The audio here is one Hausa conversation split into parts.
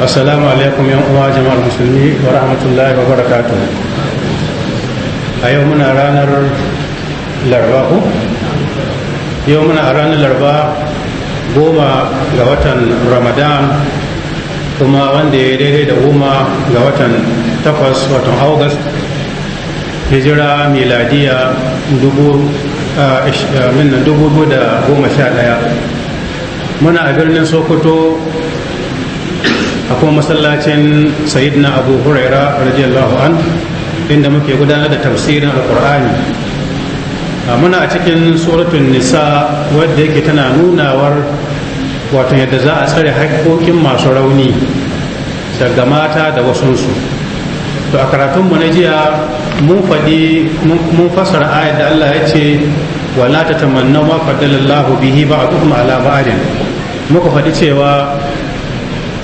assalamu alaikum yan uwa jama'ar musulmi wa rahmatullahi wa barakatu a yau muna ranar larba ku yau muna a ranar larba goma ga watan ramadan kuma wanda ya daidai da goma ga watan takwas watan august hijira miladiya dubu da goma sha daya muna a birnin sokoto akwai masallacin sayidina abu huraira radiyallahu an inda muke gudanar da tafsirin alkur'ani muna a cikin suratun nisa wadda yake tana nunawar wato yadda za a tsare haƙoƙin masu rauni daga mata da wasunsu to a karatunmu na jiya mun faɗi mun fasara ayat da allah ya ce wala ta tamanna ma bihi ba a ala ba'din muka faɗi cewa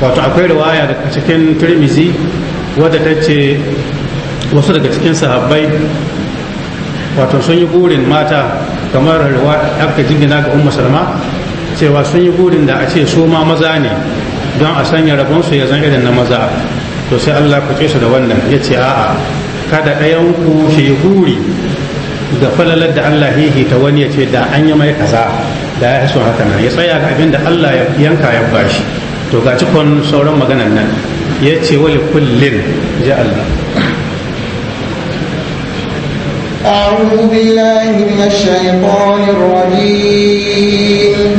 wato akwai rawaya daga cikin turmizi wadda ta ce wasu daga cikin sahabbai wato sun yi burin mata kamar aka jingina ga umma salama cewa sun yi burin da a ce su ma maza ne don a sanya rabonsu ya zan irin na maza to sai allah ku su da wannan ya ce a'a kada ɗayanku shi yi buri da falalar da allah ta wani ya ce da an yi mai kaza da ya haka na ya tsaya ga abin da allah yanka ya bashi to ga cikon sauran maganar nan ya ce wali kullin ja Allah أعوذ بالله من الشيطان الرجيم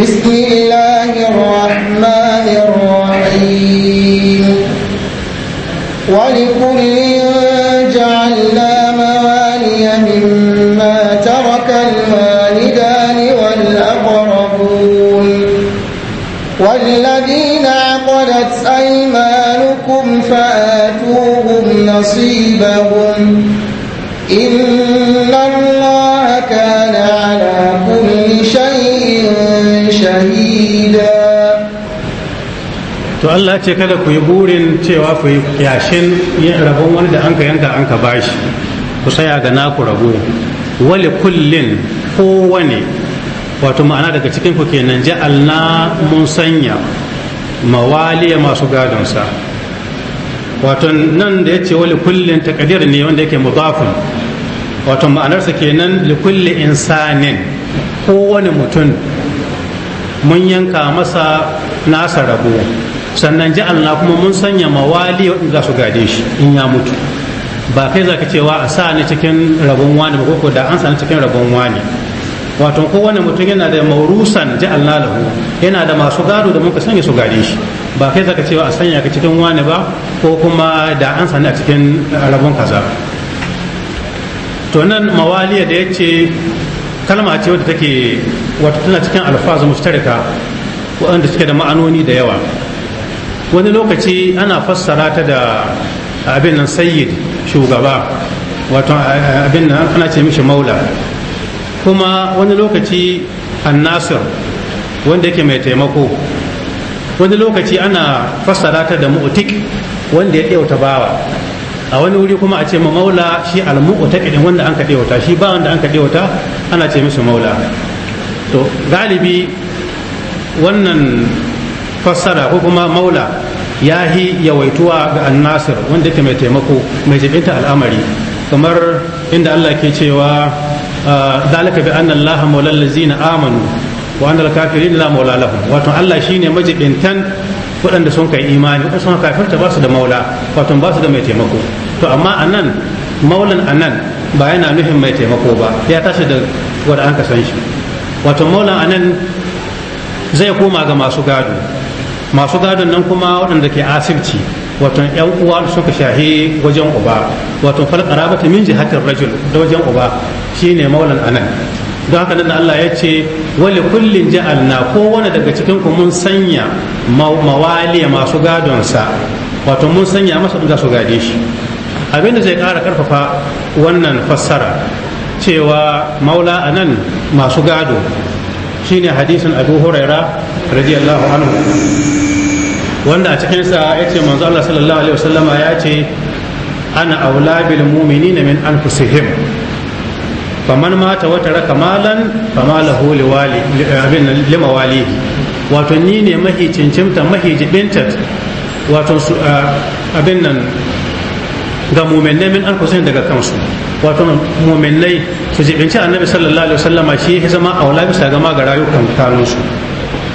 بسم الله الرحمن الرحيم ولكل فآتوهم نصيبهم إن الله كان على كل شيء شهيدا to Allah ce kada ku yi burin cewa ku yi yashin rabon wani da anka yanka an ka bashi ku saya ga naku rabo wali kullin kowane wato ma'ana daga cikin ku kenan ja'alna mun sanya mawaliya masu gadonsa wato nan da ya wa likullin takadir ne wanda yake mudafun wato ma'anarsa kenan likulli insanin kowane mutum mun yanka masa nasa rabo sannan Allah kuma mun sanya mawali waɗanda za su gade shi in ya mutu ba kai za ka cewa a sa ni cikin rabon wani ba ko da an sa ni cikin rabon wani wato kowane mutum yana da maurusan ja'alna lahu yana da masu gado da muka sanya su gade shi ba kai zaka cewa a sanya ka cikin wani ba ko kuma da an sani a cikin rabon kaza to nan mawaliya da ya kalma ce wadda take wata tana cikin alfazu mushtarika wanda suke da ma'anoni da yawa wani lokaci ana fassara ta da abin nan sayyid shugaba wato abin nan ana ce mishi maula kuma wani lokaci annasir wanda yake mai taimako wani lokaci ana fassara ta da mu'tik wanda ya ɗauta bawa a wani wuri kuma a ce ma maula shi almu'uta din wanda an ka ɗauta shi ba wanda an ka ana ce mishi maula to galibi wannan fassara ko kuma maula ya yi yawaituwa ga annasir wanda yake mai taimako mai jibinta al'amari kamar inda Allah ke cewa ah, zalika bi anna Allah maulal ladzina amanu wa annal kafirin la maula lahum wato Allah shine majibintan waɗanda sun kai imani waɗanda sun kafirta ba su da maula wato ba da mai taimako to amma anan maulan anan ba yana nufin mai taimako ba ya tashi da wanda an san shi wato maulan anan zai koma ga masu gado masu gado nan kuma waɗanda ke asibci wato yan uwa da suka shahi wajen uba wato fal qarabati min jihatir rajul da wajen uba shine maulan anan don haka nan Allah ya ce wali kullin ja'alna kowane daga cikin ku mun sanya mawali masu gadonsa wato mun sanya masa da su gade shi abinda zai ƙara karfafa wannan fassara cewa maula anan masu gado shine hadisin abu huraira radiyallahu anhu wanda a cikinsa ya ce manzo Allah sallallahu alaihi wasallama ya ce ana aula bil mu'minina min anfusihim faman mata wata raka malan fama lahu abin lima walihi wato ni ne mahi cincimta mahi jibinta wato su abin nan ga muminai min an kusurin daga kansu wato muminai su jibinci annabi sallallahu alaihi wasallama shi ya zama aula bisa gama ga rayukan kanunsu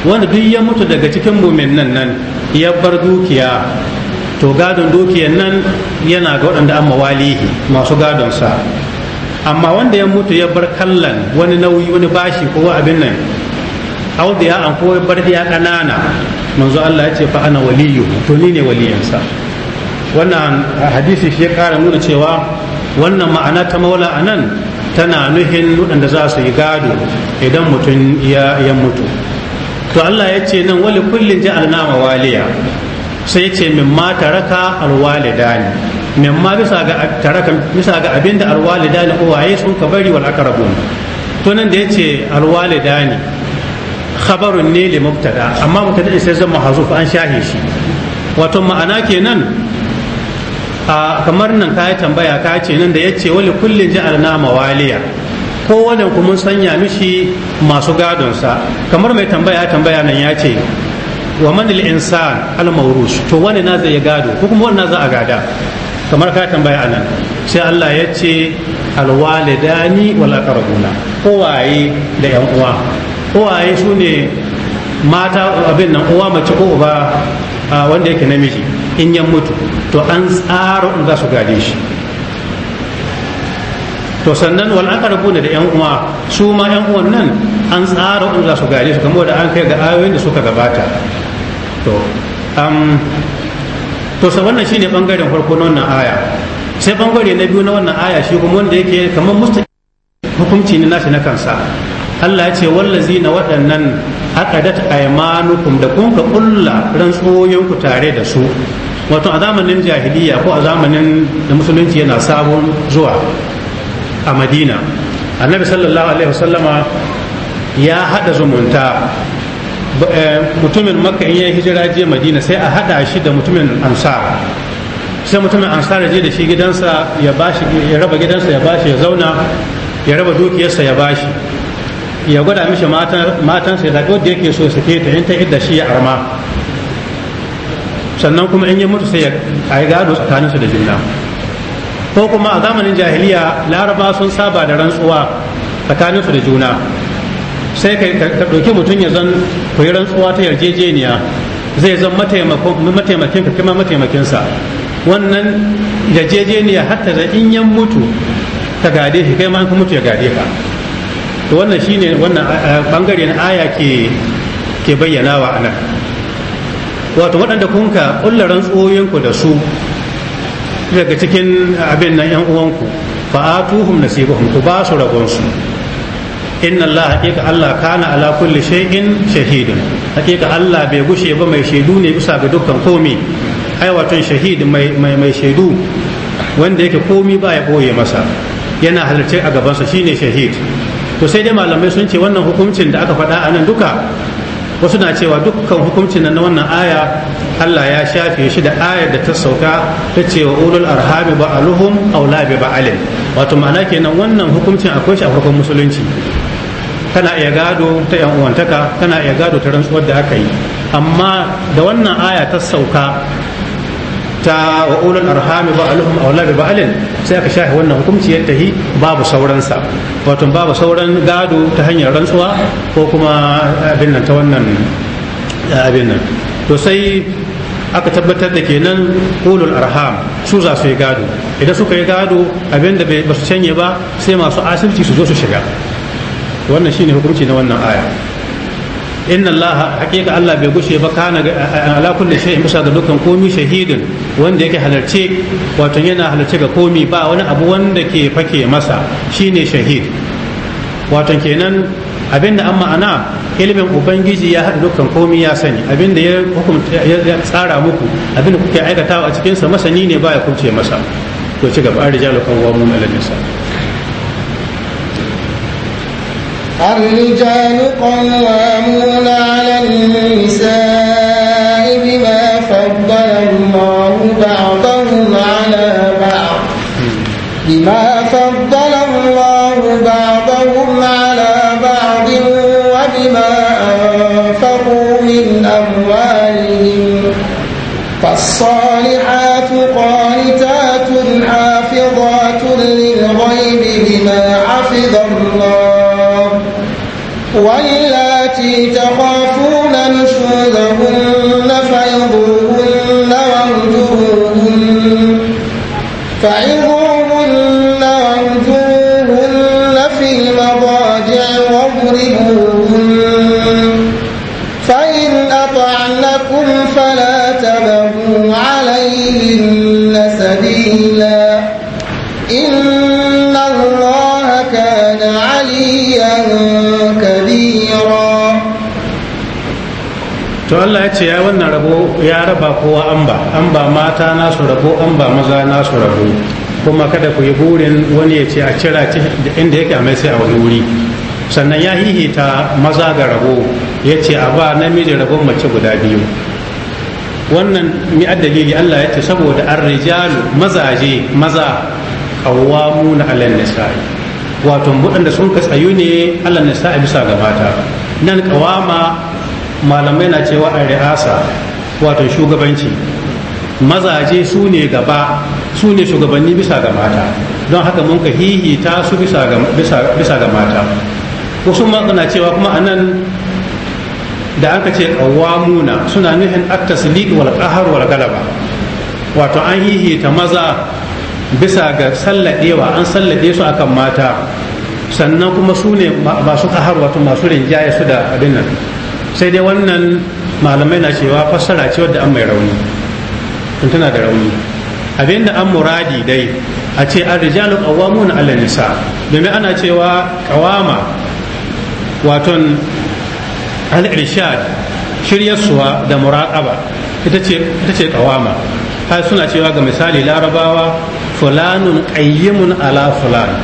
wanda duk ya mutu daga cikin muminan nan ya bar dukiya to gadon dukiyan nan yana ga waɗanda an mawalihi masu gadon sa amma wanda ya mutu ya bar kallon wani nauyi wani bashi ko abin nan ya an ko ya bar ya kanana manzo Allah ya ce fa ana waliyu to ni ne waliyansa wannan hadisi shi ya kara nuna cewa wannan ma'ana ta maula anan tana nuhin waɗanda za su yi gado idan mutum ya mutu to Allah ya ce nan wali kullin ja'alna waliya sai ya ce min ma taraka alwalidani ma bisa ga tarakan bisa ga abinda alwalidani uwaye sun ka bari wal aqrabun to nan da yace ne khabarun ne li mubtada amma mubtada sai zama hazuf an shahe shi wato ma'ana kenan a kamar nan ka tambaya ka ce nan da yace wali kullin na mawaliya kowane kuma sanya mishi masu gadonsa kamar mai tambaya tambaya nan ya ce wa man al-insan al-mawrus to wani na zai gado ko kuma wani na za a gada kamar ka tambaya anan sai Allah ya ce alwalidani wala karabuna kowaye da yan uwa su sune mata abin nan uwa mace ko uba wanda yake namiji in yan mutu to an tsara in za su gade shi to sannan wal aqrabuna da yan uwa su ma yan uwan nan an tsara in za su gade su kamar da an kai ga ayoyin da suka gabata to um, to sai wannan shine bangaren farko na wannan aya sai bangare na biyu na wannan aya shi kuma wanda yake kamar musta hukunci ne nashi na kansa Allah ya ce wallazi na waɗannan aqadat aymanukum da kun ka kulla rantsoyinku tare da su wato a zamanin jahiliya ko a zamanin da musulunci yana sabon zuwa a Madina annabi sallallahu alaihi wasallama ya hada zumunta Eh, mutumin makka in ya yi hijira je madina sai a hada shi da mutumin ansar sai mutumin ansar je da shi gidansa ya bashi ya raba gidansa ya bashi ya zauna ya raba dukiyarsa ya bashi ya gwada mishi matansa ya da wanda yake so sake ta in ta idda shi ya arma sannan kuma in ya mutu sai ya ayi gado tsakaninsu da juna ko kuma a zamanin jahiliya laraba sun saba da rantsuwa tsakaninsu da juna sai ka ɗauki mutum ya zan ku rantsuwa ta yarjejeniya zai zan mataimakin ka kuma mataimakinsa wannan yarjejeniya hatta da in yan mutu ka gade shi kai ma ka mutu ya gade ka to wannan shine wannan bangare na aya ke ke bayyana wa anan wato waɗanda kun ka ƙulla rantsuwoyinku da su daga cikin abin nan yan uwanku fa atuhum nasibahum ku ba su su. inna Allah haƙiƙa Allah kana ala kulli shay'in shahidun haƙiƙa Allah bai gushe ba mai shaidu ne bisa ga dukkan komi ai wato shahid mai mai shaidu wanda yake komi ba ya boye masa yana halarci a gabansa shine shahid to sai dai malamai sun ce wannan hukuncin da aka faɗa a nan duka wasu na cewa dukkan hukuncin nan na wannan aya Allah ya shafe shi da ayar da ta sauka ta cewa wa ulul arhami ba aluhum aula bi ba'alin wato ma'ana kenan wannan hukuncin akwai shi a farkon musulunci kana iya gado ta yan uwantaka tana iya gado ta rantsuwar da aka yi amma da wannan aya ta sauka ta wa ulul arhami ba alhum bi ba'alin sai aka shahi wannan hukunci yadda hi babu sauransa wato babu sauran gado ta hanyar rantsuwa ko kuma abin nan ta wannan abin nan to sai aka tabbatar da kenan ulul arham su za su yi gado idan suka yi gado abin da ba su canye ba sai masu asirci su zo su shiga wannan shine hukunci na wannan aya inna allaha hakika allah bai gushe ba kana ala kulli shay'in bisa ga dukkan komi shahidin wanda yake halarce wato yana halarce ga komi ba wani abu wanda ke fake masa shine shahid wato kenan abinda an ma'ana ilimin ubangiji ya haɗa dukkan komi ya sani abinda ya hukunta ya tsara muku abinda kuke aikatawa a cikin sa masani ne baya kunce masa to ci gaba an rijalu kan wa mun alal الرجال قوامون على النساء بما فضل الله بعضهم على بعض بما فضل الله بعضهم على بعض وبما أنفقوا من أموالهم فالصالحين Yace ce ya wannan rabo ya raba kowa an ba an ba mata nasu rabo an ba maza nasu rabo kuma kada ku yi burin wani ya ce a cira inda yake a mai sai a wani wuri sannan ya hihita maza ga rabo ya ce a ba namiji rabon mace guda biyu wannan mi dalili Allah ya ce saboda an rijalu mazaje maza kawamu na alal nisa'i wato waɗanda sun ka tsayu ne Allah nisa'i bisa ga mata nan kawama malamai na cewa a ri'asa wato shugabanci mazaje su ne gaba su ne shugabanni bisa ga mata don haka mun ka hihita su bisa ga mata wasu na cewa kuma anan da aka ce ce kawamuna suna nuhin at-tasdiq wal qahar wal galaba wato an hihi ta maza bisa ga sallaɗewa an sallaɗe su akan mata sannan kuma su ne masu qahar wato masu rinjaye su da abin nan sai dai wannan malamai na cewa fassara ce wadda an mai rauni tun tana da rauni abinda an muradi dai a ce an rijalu na 'ala nisa domin ana cewa kawama waton al-irshad shiryarsuwa da muraqaba ita ce ita ce har suna cewa ga misali larabawa fulanun qayyimun ala fulan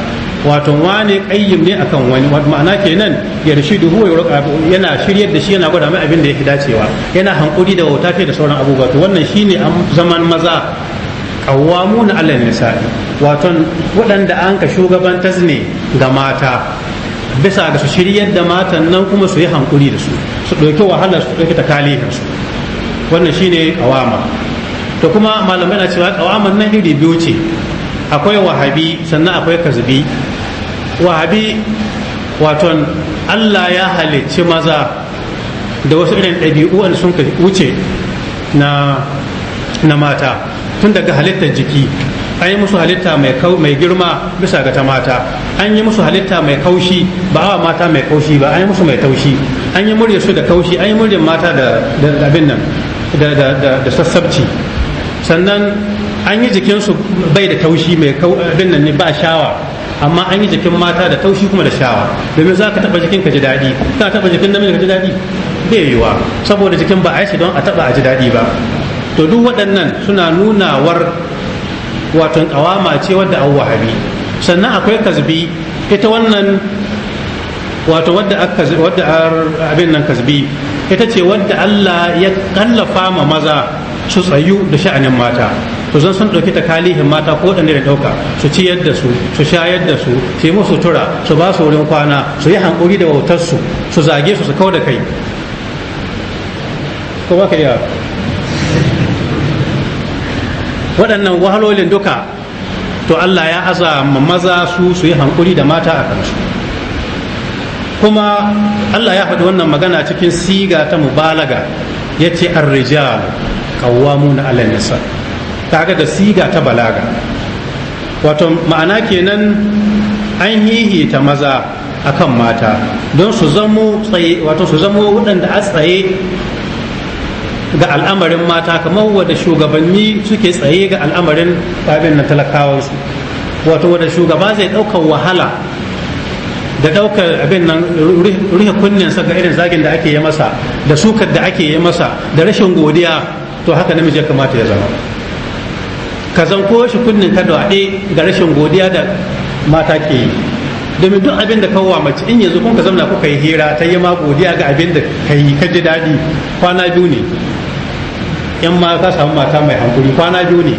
wato wani kayyim ne akan wani ma'ana kenan ya huwa yurqa yana shiryar da shi yana gwada mai abin da yake dacewa yana hankuri da wauta da sauran abubuwa to wannan shine zaman maza qawwamuna 'ala nisa'i wato waɗanda an ka shugaban ne ga mata bisa ga su shiryar da matan nan kuma su yi hankuri da su su ɗauki wahala su ɗauki takalihin su wannan shine kawama to kuma malamai na cewa kawaman nan iri biyu ce akwai wahabi sannan akwai kazubi. wahabi waton allah ya halicci maza da wasu irin ɗabi'u sun wuce na mata tun daga halittar jiki an yi musu halitta mai girma bisa ga ta mata an yi musu halitta mai kaushi ba awa mata mai kaushi ba an yi musu mai taushi an yi murya su da kaushi an yi muryar mata da abin nan da sassabci sannan an yi jikinsu bai da taushi mai abin nan ne ba shawa amma an yi jikin mata da taushi kuma da shawa domin za ka taɓa jikin ka ji daɗi ka taɓa jikin namiji ka ji daɗi bai yiwa saboda jikin ba a yi shi don a taɓa a ji daɗi ba to duk waɗannan suna nunawar wato kawama ce wadda an wahabi sannan akwai kazbi ita wannan wato wadda wadda abin nan kazbi ita ce wadda Allah ya kallafa ma maza su tsayu da sha'anin mata to zan sun ɗauki takalihin mata ko ɗan da ɗauka su ciyar da su su shayar da su su yi musu tura su ba su wurin kwana su yi hankuri da wautar su su zage su su kawo da kai ko ba ka iya waɗannan wahalolin duka to Allah ya aza maza su su yi hankuri da mata a kansu kuma Allah ya faɗi wannan magana cikin siga ta mubalaga ya ce arrijalu qawwamuna na nisa' kaga da siga ta balaga wato ma'ana kenan an ta maza a kan mata don su zamo tsaye wato su zamo waɗanda a tsaye ga al'amarin mata kamar wadda shugabanni suke tsaye ga al'amarin babin na talakawansu wato wadda shugaba zai ɗaukar wahala da ɗaukar abin nan rufe kunninsa ga irin zagin da ake yi masa da sukar da ake yi masa da rashin godiya to haka namiji ya kamata ya zama ka zanko shi kunnin ka daɗe ga rashin godiya da mata ke yi domin duk abin da kawo mace in yanzu kun ka zamna kuka yi hira ta yi ma godiya ga abin da ka yi ka ji daɗi kwana biyu ne Yan ma ka samu mata mai hankuri kwana biyu ne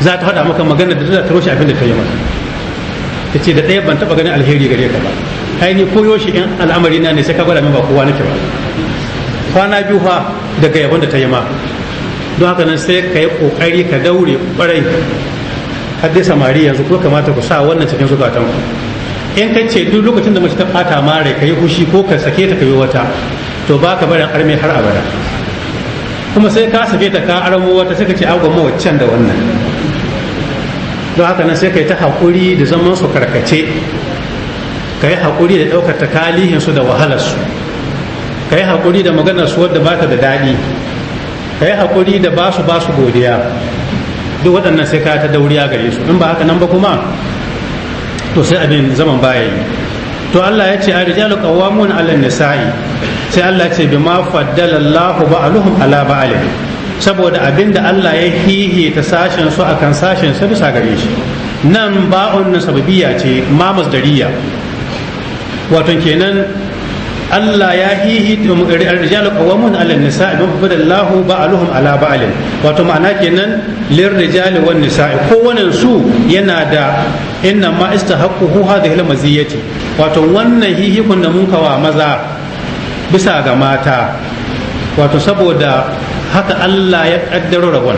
za ta faɗa maka magana da za ta roshe abin da ta yi ta ce da ɗaya ban taɓa ganin alheri gare ka ba kai ni koyo shi in al'amari na ne sai ka gwada min ba kowa nake ba kwana biyu fa daga yabon da ta yi ma don haka nan sai ka yi ƙoƙari ka daure ƙwarai har dai samari yanzu ko kamata ku sa wannan cikin ku in ka ce duk lokacin da mace ta ɓata mare ka yi fushi ko ka sake ta ka yi wata to ba ka barin arme har abada kuma sai ka sake ta ka armo wata sai ka ce agon mawaccan da wannan don haka nan sai ka yi ta haƙuri da zaman su karkace ka yi haƙuri da ɗaukar takalihinsu da wahalarsu ka yi haƙuri da maganar su wadda ba ta da daɗi ka yi haƙuri da ba su ba su godiya duk waɗannan sai ka ta dauriya gare su in ba haka nan ba kuma to sai abin zaman baya yi to Allah ya ce a rijalu qawwamun 'ala nisa'i sai Allah ce bima faddala Allahu ba'aluhum 'ala ba'al saboda abinda Allah ya hihi ta sashen su akan sashen su bisa gare shi nan ba'un na sababiyya ce ma masdariya wato kenan Allah ya hihi rijalu qawwamun 'ala nisai bi fadlallahu ba'aluhum 'ala ba'alin wato ma'ana kenan lir rijali wan nisa'i kowannen su yana da inna ma istahaqquhu hadhihi al-maziyati wato wannan hihi kun da mun kawa maza bisa ga mata wato saboda haka Allah ya kaddaro rabon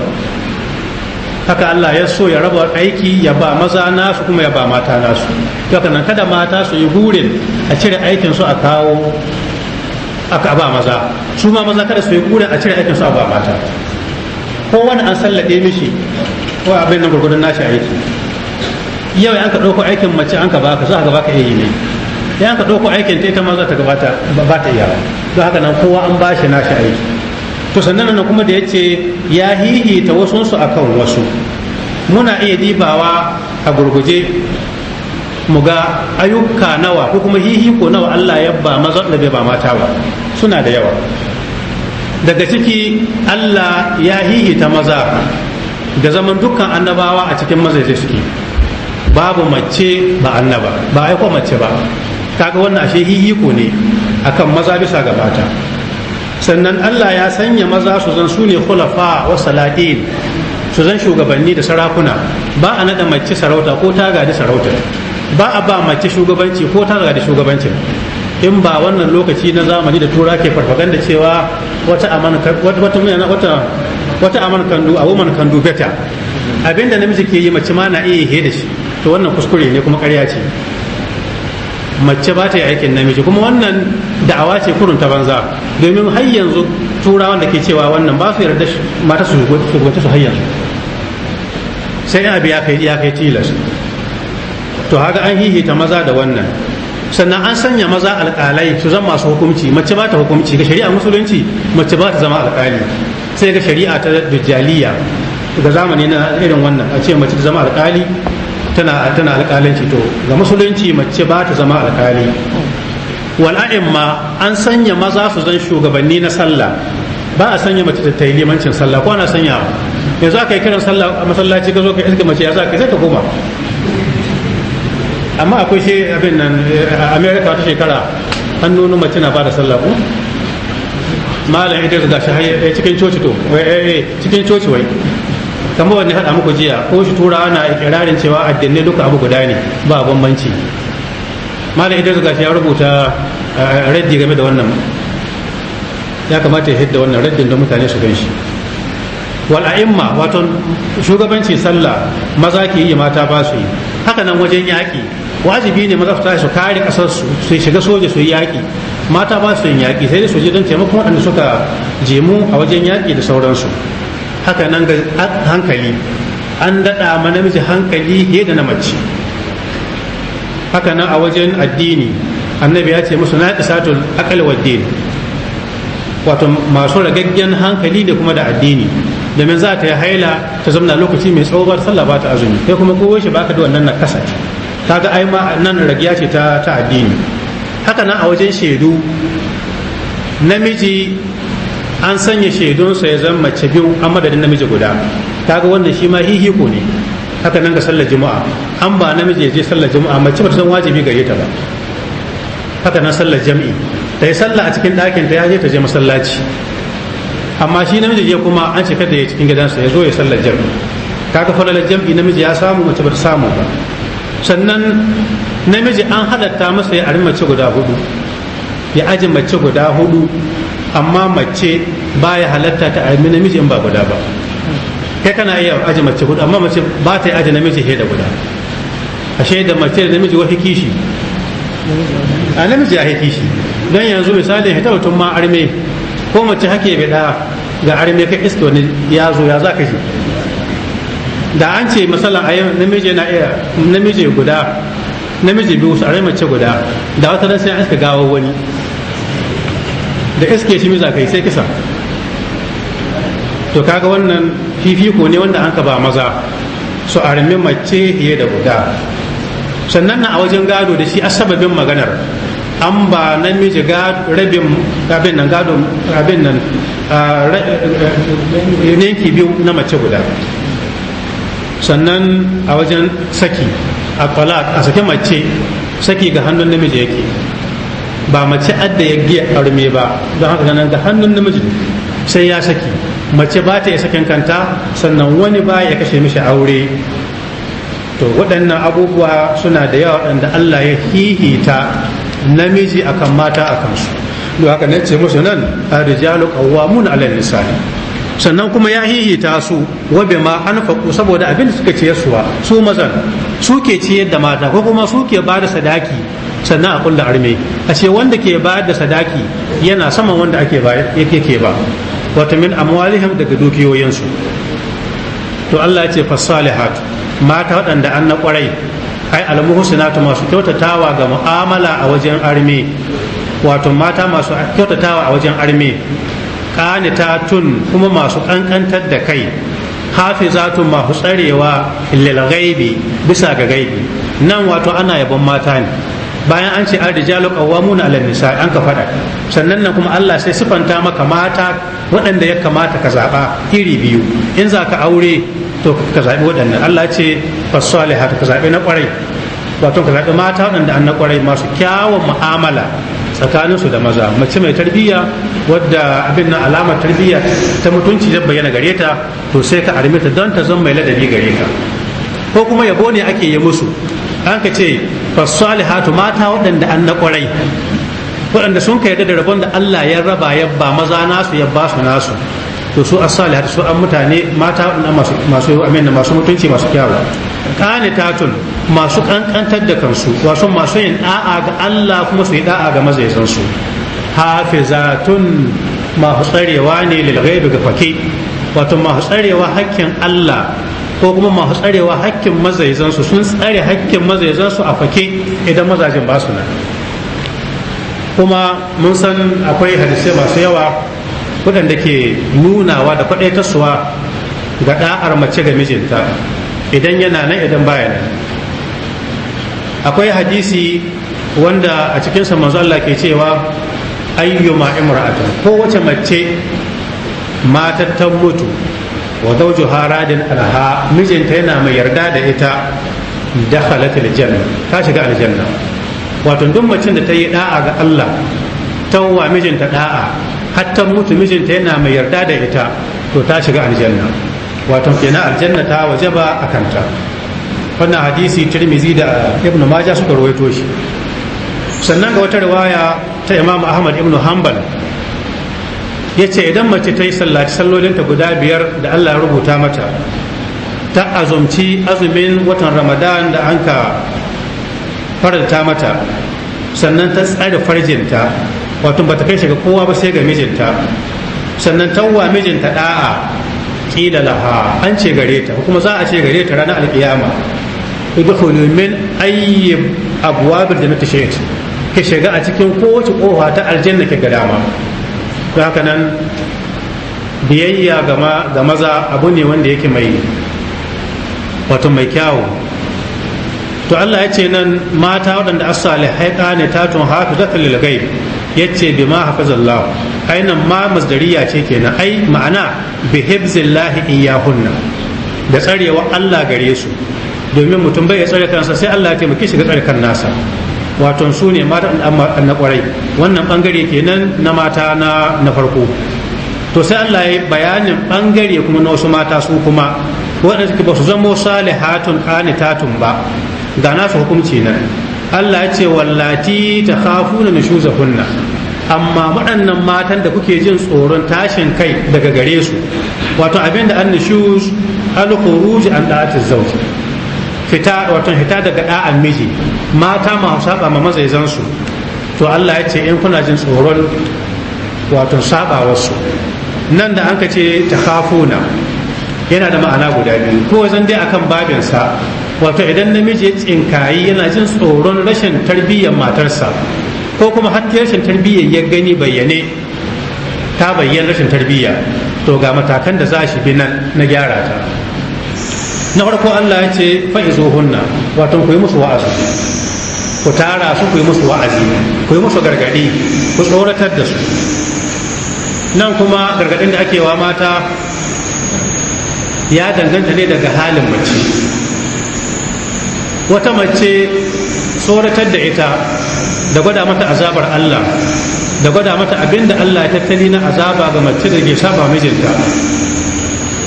haka Allah ya so ya raba aiki ya ba maza nasu kuma ya ba mata nasu haka nan kada mata su yi hurin a cire aikin su a kawo aka ba maza su ma maza kada su yi hurin a cire aikin su a ba mata ko wani an sallade mishi ko abin nan gurgurdan nashi aiki yau an ka ɗauko aikin mace an ka baka za ka baka iya ne ya ka ɗauko aikin ta ita maza ta gabata ba ta iya ba haka nan kowa an ba shi nashi aiki to sannan nan kuma da ya ce ya hihita su a kan wasu muna iya dibawa a gurguje mu ga ayyuka nawa ko kuma hihiko nawa Allah ya ba maza da bai ba mata ba suna da yawa daga ciki Allah ya hihita maza da zaman dukkan annabawa a cikin mazaje suke babu mace ba annaba ba aiko mace ba kaga wannan ashe hihiko ne akan maza bisa ga mata sannan Allah ya sanya maza su zan su ne kulafa wa saladin su zan shugabanni da sarakuna ba a nada mace sarauta ko ta gadi sarauta ba a ba mace shugabanci ko ta gadi shugabanci. in ba wannan lokaci na zamani da tura ke farfaganda cewa wata amana wata wata amana kandu a woman kandu beta abinda namiji ke yi mace ma na iya he da shi to wannan kuskure ne kuma ƙarya ce mace ba ta yi aikin namiji kuma wannan da'awa ce kurun ta banza domin har yanzu turawan da ke cewa wannan ba su yarda mata su shugabata su har yanzu sai ya kai ya kai tilas to haka an hihi ta maza da wannan sannan an sanya maza alƙalai su zama masu hukumci mace ba ta hukumci ga shari'a musulunci mace ba ta zama alƙali sai ga shari'a ta dujjaliya ga zamani na irin wannan a ce mace ta zama alƙali tana alƙalinci to ga musulunci mace ba ta zama alƙali wal a'imma an sanya maza su zan shugabanni na sallah ba a sanya mace ta yi limancin sallah ko ana sanya yanzu aka yi kiran sallah a masallaci ka zo ka iska mace ya za ka sai ka koma amma akwai shi abin nan eh, amerika ta shekara an mace na bada sallah ko malam idris shi cikin coci to eh, eh, cikin coci wai kamar wanda hada muku jiya ko shi tura ana ikirarin cewa addinai duka abu guda ne ba bambanci malam idris gashi ya rubuta eh, raddi game da wannan ya kamata ya hidda wannan raddin da mutane su ganshi wal a'imma wato shugabanci sallah maza ke yi mata ba su yi haka nan wajen yaƙi wajibi ne maza su tashi su kare kasar su su shiga soja su yi yaƙi mata ba su yin yaƙi sai dai su je don taimakon waɗanda suka jemu a wajen yaƙi da sauransu haka nan ga hankali an daɗa ma namiji hankali fiye da na mace haka nan a wajen addini annabi ya ce musu na isatul akal waddin wato masu ragaggen hankali da kuma da addini domin za ta yi haila ta zamna lokaci mai tsohuwar sallah ba ta azumi sai kuma kowai shi baka da wannan kasa ta ga ai ma nan ragiya ce ta ta addini haka nan a wajen shaidu namiji an sanya shaidunsa ya zama mace biyu an madadin namiji guda kaga wannan shi ma hihiko ne haka nan ga sallar juma'a an ba namiji ya je sallar juma'a mace ba ta san wajibi gare ta ba haka nan sallar jam'i ta yi sallah a cikin ɗakin ta ya je ta je masallaci amma shi namiji je kuma an ce kada ya cikin gidansa ya zo ya sallar jam'i kaga falalar jam'i namiji ya samu mace ba ta samu ba sannan namiji an halatta masa ya arin mace guda hudu ya aji mace guda hudu amma mace ba ya halatta ta aimi namiji in ba guda ba kai kana iya aji mace guda amma mace ba ta yi aji namiji he da guda a da mace da namiji wahi kishi a namiji ya kishi don yanzu misali hita tun ma arme ko mace hake bai da ga arme kai iska wani ya zo ya za ka shi da an ce masala a yau namiji na iya namiji guda namiji biyu su mace guda da wata nan sai an iska gawo wani da iske shi miza kai sai kisa to kaga wannan ko ne wanda anka ba maza su armi mace fiye da guda sannan na a wajen gado da shi a asababin maganar an ba namiji rabin rabin nan gado rabin nan yanki biyu na mace guda sannan a wajen saki a talak a saki mace saki ga hannun namiji yake ba mace adda ya giya arme ba don haka ganin da hannun namiji sai ya saki mace ba ta yi sakin kanta sannan wani ba ya kashe mishi aure to waɗannan abubuwa suna da yawa waɗanda Allah ya hihita namiji akan mata akan su haka ne ce musu nan a rijalu ƙawamun ala nisa'i sannan kuma ya hihita su wabe ma an faɗo saboda abin da suka ce suwa su mazan suke ke ciyar da mata ko kuma su ke ba da sadaki sannan a kulla arme a ce wanda ke bayar da sadaki yana sama wanda ake yake ke ba wata min amwalihim daga dukiyoyinsu to Allah ya ce fasalihat mata waɗanda an na kwarai ai almuhsinatu masu kyautatawa ga mu'amala a wajen arme wato mata masu kyautatawa a wajen arme tun kuma masu kankantar da kai hafizatun masu tsarewa lil gaibi bisa ga gaibi nan wato ana yabon mata ne bayan an ce arrijalu qawwamuna 'ala nisa an ka fada sannan nan kuma Allah sai sifanta maka mata waɗanda ya kamata ka zaba iri biyu in za ka aure to ka zabi waɗannan Allah ce fasalihat ka zabi na kwarai wato ka zabi mata waɗanda an na kwarai masu kyawun mu'amala tsakaninsu da maza mace mai tarbiyya wadda abin nan alamar tarbiyya ta mutunci zai bayyana gare ta to sai ka arme ta don ta zan mai ladabi gare ka ko kuma yabo ne ake yi musu an ka ce fasalihatu mata waɗanda an na ƙwarai waɗanda sun ka yarda da rabon da Allah ya raba ya ba maza nasu ya ba su nasu to su asalihatu su an mutane mata waɗanda masu masu masu mutunci masu kyawu kanitatun masu kankantar da kansu wasu masu yin da'a ga Allah kuma su yi da'a ga mazaizansu hafizatun masu tsarewa ne lil ga fake wato masu tsarewa hakkin Allah ko kuma masu tsarewa hakkin mazaizansu sun tsare hakkin mazaizansu a fake idan mazajen ba su nan kuma mun san akwai hadisai masu yawa waɗanda ke nunawa da suwa ga ɗa'ar mace ga mijinta idan yana nan idan baya nan akwai hadisi wanda a cikinsa manzo Allah ke cewa ayyuma imra'atun ko wace mace matar ta mutu wa zawju haradin alha mijinta yana mai yarda da ita dakhalat aljanna ta shiga aljanna wato duk mace da ta yi da'a ga Allah tawwa mijinta da'a ta mutu mijinta yana mai yarda da ita to ta shiga aljanna wato kenan aljanna ta wajaba akanta wannan hadisi tirmizi da ibn maja suka rawaito shi sannan ga wata riwaya ta imam ahmad ibn hanbal ya ce idan mace ta yi sallaci sallolinta guda biyar da allah rubuta mata ta azumci azumin watan ramadan da an ka faranta mata sannan ta tsare farjinta wato ba ta kai shiga kowa ba sai ga mijinta sannan ta wa mijinta da'a kila laha an ce gare ta kuma za a ce gare ta ranar alkiyama udkhulu min ayyi abwabil jannati shayt ke shiga a cikin kowace kofa ta aljanna ke ga dama haka nan biyayya ga maza abu ne wanda yake mai wato mai kyawu to Allah ya ce nan mata waɗanda as-salihai qane tatun hafizatul lil ghaib yace ya hafazallahu ainan ma masdariya ce kenan ai ma'ana bi hibzillahi iyahunna da tsarewa Allah gare su domin mutum bai ya tsare kansa sai Allah ya taimaki shiga tsare kan nasa wato su ne mata na kwarai wannan bangare kenan na mata na na farko to sai Allah ya bayanin bangare kuma na wasu mata su kuma waɗanda ba su zamo salihatun qanitatun ba ga nasu hukunci nan Allah ya ce wallati ta khafuna kunna amma waɗannan matan da kuke jin tsoron tashin kai daga gare su wato abin da annishus al-khuruj an da'atiz zawj fita wato fita daga da'an miji mata masu saba ma mazaizansu to Allah ya ce in kuna jin tsoron wato saba wasu nan da an ka ce ta kafuna yana da ma'ana guda biyu ko wajen dai akan babinsa wato idan namiji ya tsinkayi yana jin tsoron rashin tarbiyyar matarsa ko kuma hatta rashin tarbiyyar ya gani bayyane ta bayyana rashin tarbiyya to ga matakan da za shi bi nan na gyara ta na farko Allah ya ce fa'izuhunna wato ku yi musu wa'azi ku tara su ku yi musu wa'azi ku yi musu gargadi ku tsoratar da su nan kuma gargadin da ake wa mata ya danganta ne daga halin mace wata mace tsoratar da ita da gwada mata azabar Allah da gwada mata abinda Allah ya tattali na azaba ga mace da ke saba mijinta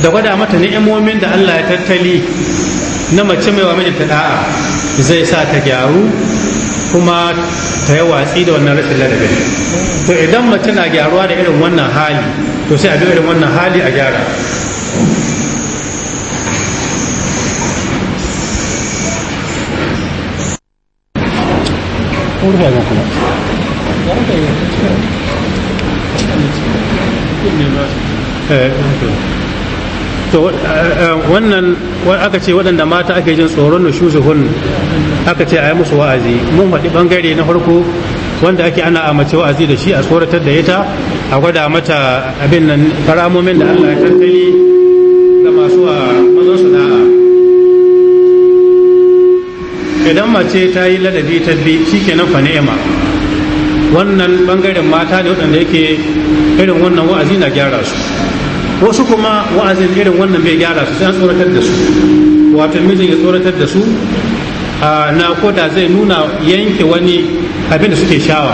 da gwada mata ni'imomin da Allah ya tattali na mace mai wa mijinta da'a zai sa ta gyaru kuma ta yi watsi da wannan rashin ladabin to idan mace na gyaruwa da irin wannan hali to sai a bi irin wannan hali a gyara eh, you. to eh, eh, wannan aka ce waɗanda mata ake jin tsoron na hun aka ce a yi musu wa'azi mun faɗi ɓangare na farko wanda ake ana a mace wa'azi da shi a tsoratar da ita a gwada mata abin nan faramomin da allah ya tattali ga masu a mazan sana'a idan mace ta yi ladabi ta bi shi kenan fa ni'ima wannan ɓangaren mata da waɗanda yake irin wannan wa'azi na gyara su wasu kuma wa'azin irin wannan bai gyara su sai an tsoratar da su wato mijin ya tsoratar da su na koda zai nuna yanke wani abin da suke shawa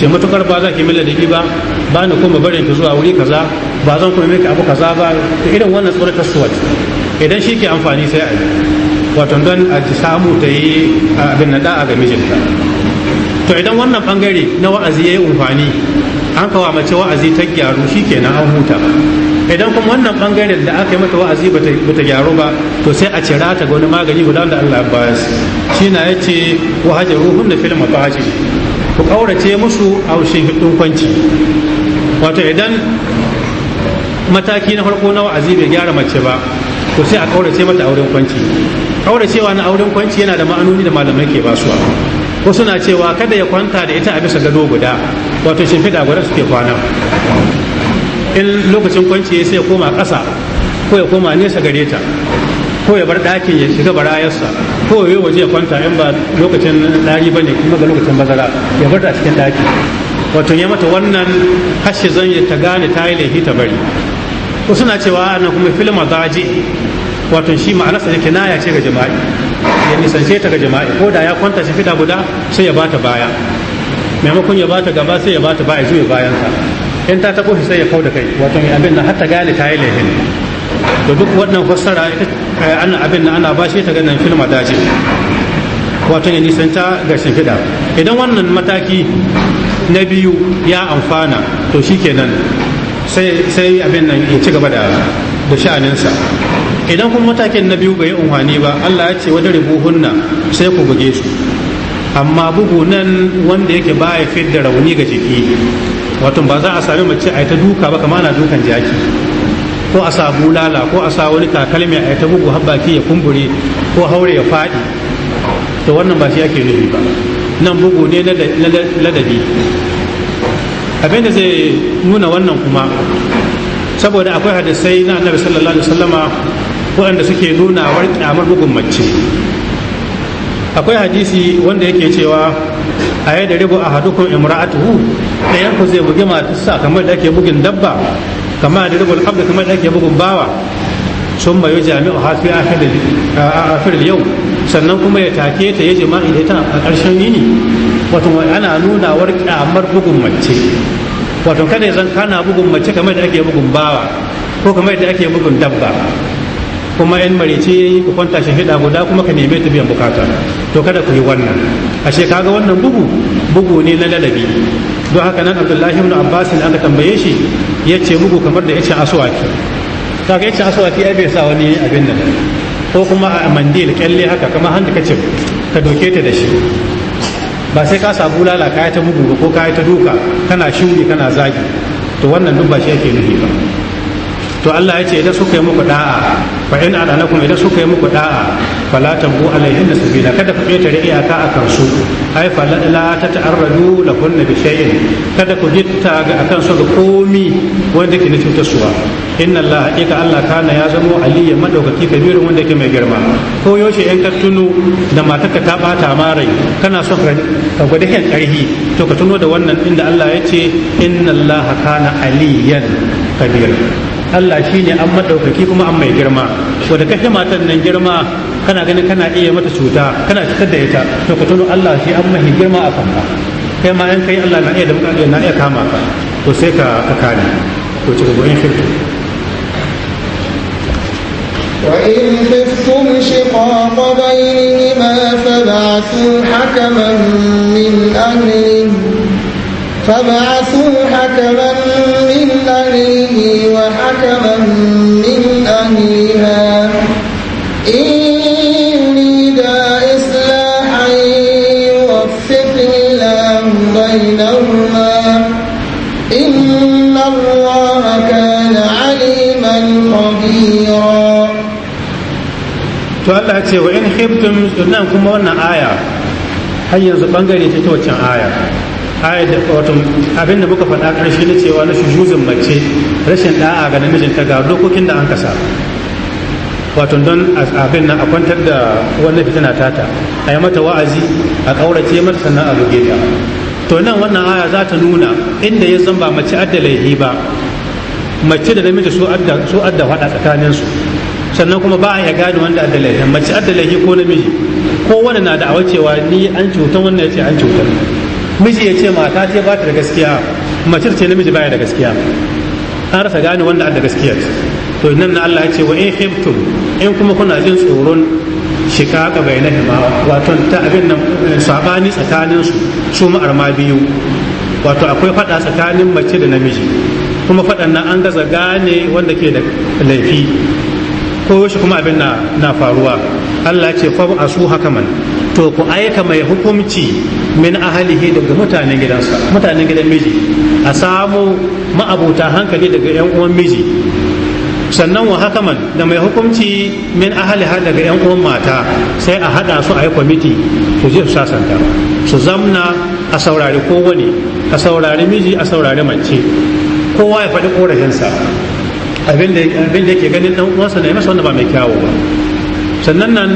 ce matukar ba za ki mila da ba ba ni kuma barin ki zuwa wuri kaza ba zan kuma miki abu kaza ba da irin wannan tsoratar suwat idan shi ke amfani sai a yi wato don a samu ta yi abin na da'a ga mijinta to idan wannan bangare na wa'azi ya yi amfani an kawo mace wa'azi ta gyaru shi kenan an huta idan kuma wannan bangaren da aka yi mata wa'azi bata gyaru ba to sai a cira ta ga wani magani guda da Allah ya bayar shi na yace wa hajaruhum da fil mafaji ku kaurace musu a ushin kwanci wato idan mataki na farko na wa'azi bai gyara mace ba to sai a kaurace mata auren kwanci kauracewa na auren kwanci yana da ma'anoni da malamai ke basuwa wasu suna cewa kada ya kwanta da ita a bisa gado guda wato shimfiɗa gwada suke kwana in lokacin kwanci sai ya koma ƙasa ko ya koma nesa gare ta ko ya bar ɗakin ya shiga barayarsa ko ya waje ya kwanta in ba lokacin ɗari ba ne kuma ga lokacin bazara ya bar ta cikin ɗaki wato ya mata wannan hashe zan yi ta gane ta yi laifi ta bari ko suna cewa ana kuma fil mazaji wato shi ma'anarsa da kinaya ce ga jama'i ya nisance ta ga jima'i ko da ya kwanta shi fida guda sai ya bata baya maimakon ya bata gaba sai ya bata baya zuwa bayansa in ta taɓo shi sai ya kau da kai wato mai abin nan hatta gali ta yi laifin to duk wannan fassara eh, ana abin nan ana ba shi ta ganin a daji wato ya nisanta ga shimfiɗa idan wannan mataki na biyu ya amfana to shi kenan sai abin nan ya ci gaba da sha'aninsa idan kuma matakin na biyu bai yi unhwani ba allah ya ce wani rubuhunna sai ku buge su amma bugu nan wanda yake baya fidda rauni ga jiki wato ba za a sami mace a yi ta duka ba kamar ana dukan jaki ko a sa bulala ko a sa wani takalmi a yi ta bugu har baki ya kumbure ko haure ya faɗi to wannan ba shi ake nufi ba nan bugu ne na ladabi abin da zai nuna wannan kuma saboda akwai hadisai na annabi sallallahu alaihi wasallama waɗanda suke nuna war kyamar bugun mace akwai hadisi wanda yake cewa a yi da ribu a hadukun imra'atuhu da ku zai bugi matarsa kamar da ake bugin dabba kamar da ribu al'abda kamar da ake bugun bawa sun mayo jami'u hafi a afirar yau sannan kuma ya take ta ya jima'i da ita a ƙarshen yini wato ana nuna war ƙyamar bugun mace wato kada zan kana bugun mace kamar da ake bugun bawa ko kamar da ake bugun dabba kuma in marice ya yi kwanta shi hida guda kuma ka neme ta biyan bukata to kada ku yi wannan ashe kaga wannan bugu bugu ne na ladabi don haka nan Abdullahi ibn Abbas ne aka tambaye shi ya ce bugu kamar da yace aswaki kaga yacin asuwaki ai bai sa wani abin nan ko kuma a mandil kyalle haka kamar hannu kace ka doke ta da shi ba sai ka sabu bulala kaya ta bugu ko kaya ta duka kana shuri kana zagi to wannan duk ba shi yake nufi ba to Allah ya ce idan suka yi muku da'a fa in ana idan suka yi muku da'a fala tabu alaihin da sabila kada ku ƙetare iyaka a su ai fa la ta ta'arradu lahun bi shay'in kada ku jitta ga akan su da komi wanda ke nufin tasuwa inna Allah haqiqa Allah kana ya zamo aliyyan madaukaki kabirin wanda ke mai girma ko yaushe yan ka tuno da matarka ta bata ma rai kana son ka gwada kan karhi to ka tuno da wannan inda Allah ya ce inna Allah kana aliyyan kabirin Allah shi ne an maɗaukaki kuma an mai girma wanda kashe matan nan girma kana ganin kana iya mata cuta kana cutar da ita to ka tuno Allah shi an mai girma a kanka kai ma in kai Allah na iya da na iya kama ka to sai ka ka kare to ci gaba in shirku وإن خفتم شقاق بينهما فبعثوا حكما من أهله فبعثوا حكما من أهله ce wa in khiftum nan kuma wannan aya har yanzu bangare ta waccan aya aya da wato abin da muka faɗa ƙarshe na cewa na shujuzin mace rashin da'a ga namijin namijinta ga dokokin da an kasa wato don abin nan a kwantar da wannan fitina tata a yi mata wa'azi a ƙaurace mata sannan a buge ta to nan wannan aya za ta nuna inda ya ba mace adda laihi ba mace da namiji su adda faɗa tsakaninsu sannan kuma ba ya gane wanda adda laifi mace adda laifi ko namiji ko wani na da cewa ni an cutar wannan ya ce an cutar miji ya ce mata ce ba ta da gaskiya mace ce namiji baya da gaskiya an rasa gane wanda da gaskiya to nan na Allah ya ce wa in hibtum in kuma kuna jin tsoron shikaka bai na hima wato ta abin nan sabani tsakanin su su ma'arma biyu wato akwai fada tsakanin mace da namiji kuma fadan nan an gaza gane wanda ke da laifi ko wasu kuma abin na faruwa Allah ce fa haka man to ku aika mai hukumci min ahalihi daga mutanen gidansa mutanen gidan miji a samu ma'abuta hankali daga yan uwan miji sannan wa haka man da mai hukumci min ahaliha daga yan uwan mata sai a hada su a yi kwamiti su je su sasanta su zamna a saurari kowane a saurari miji a saurari mace kowa ya faɗi ƙorafinsa abin da yake ganin dan uwansa ne masa wanda ba mai kyawu ba sannan nan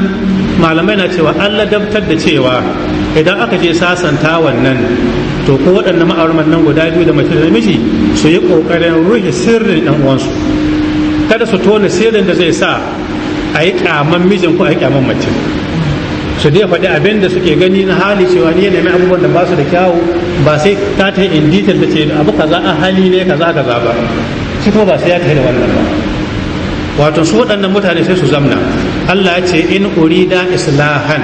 malamai na cewa Allah dabtar da cewa idan aka je sasanta wannan to ko waɗannan ma'auruman nan guda biyu da mace da namiji su yi ƙoƙarin ruhi sirrin ɗan uwansu kada su tona sirrin da zai sa a yi ƙyaman mijin ko a yi ƙyaman mace su dai faɗi abin da suke gani na hali cewa ni yana mai abubuwan da ba su da kyawu ba sai ta ta yi detail da ce abu kaza a hali ne kaza kaza ba shi ba sai ya kai da wannan ba wato su waɗannan mutane sai su zamna Allah ya ce in urida islahan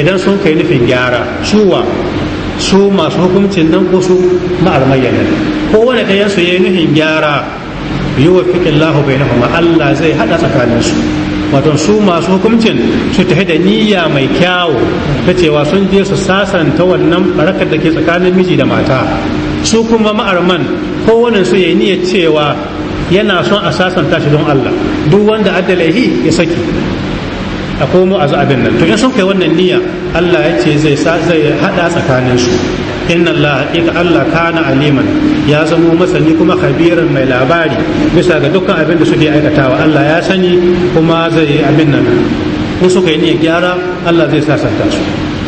idan sun kai nufin gyara suwa su masu hukuncin nan ko su ma'armai yanar ko wani ɗayan su yi nufin gyara wa lahu bai nufin Allah zai haɗa tsakanin su wato su masu hukuncin su tafi da niyya mai kyawu ta cewa sun je su sasanta wannan barakar da ke tsakanin miji da mata su kuma ma'arman kowane su yayi niyyar cewa yana son a sasanta shi don Allah duk wanda adda ya saki a komo a abin nan to in sun kai wannan niyya Allah ya ce zai zai hada tsakanin su inna Allah haqiqa Allah kana aliman ya zamo masani kuma khabiran mai labari bisa ga dukkan abin da suke aikatawa Allah ya sani kuma zai abin nan in suka yi niyyar gyara Allah zai sasanta su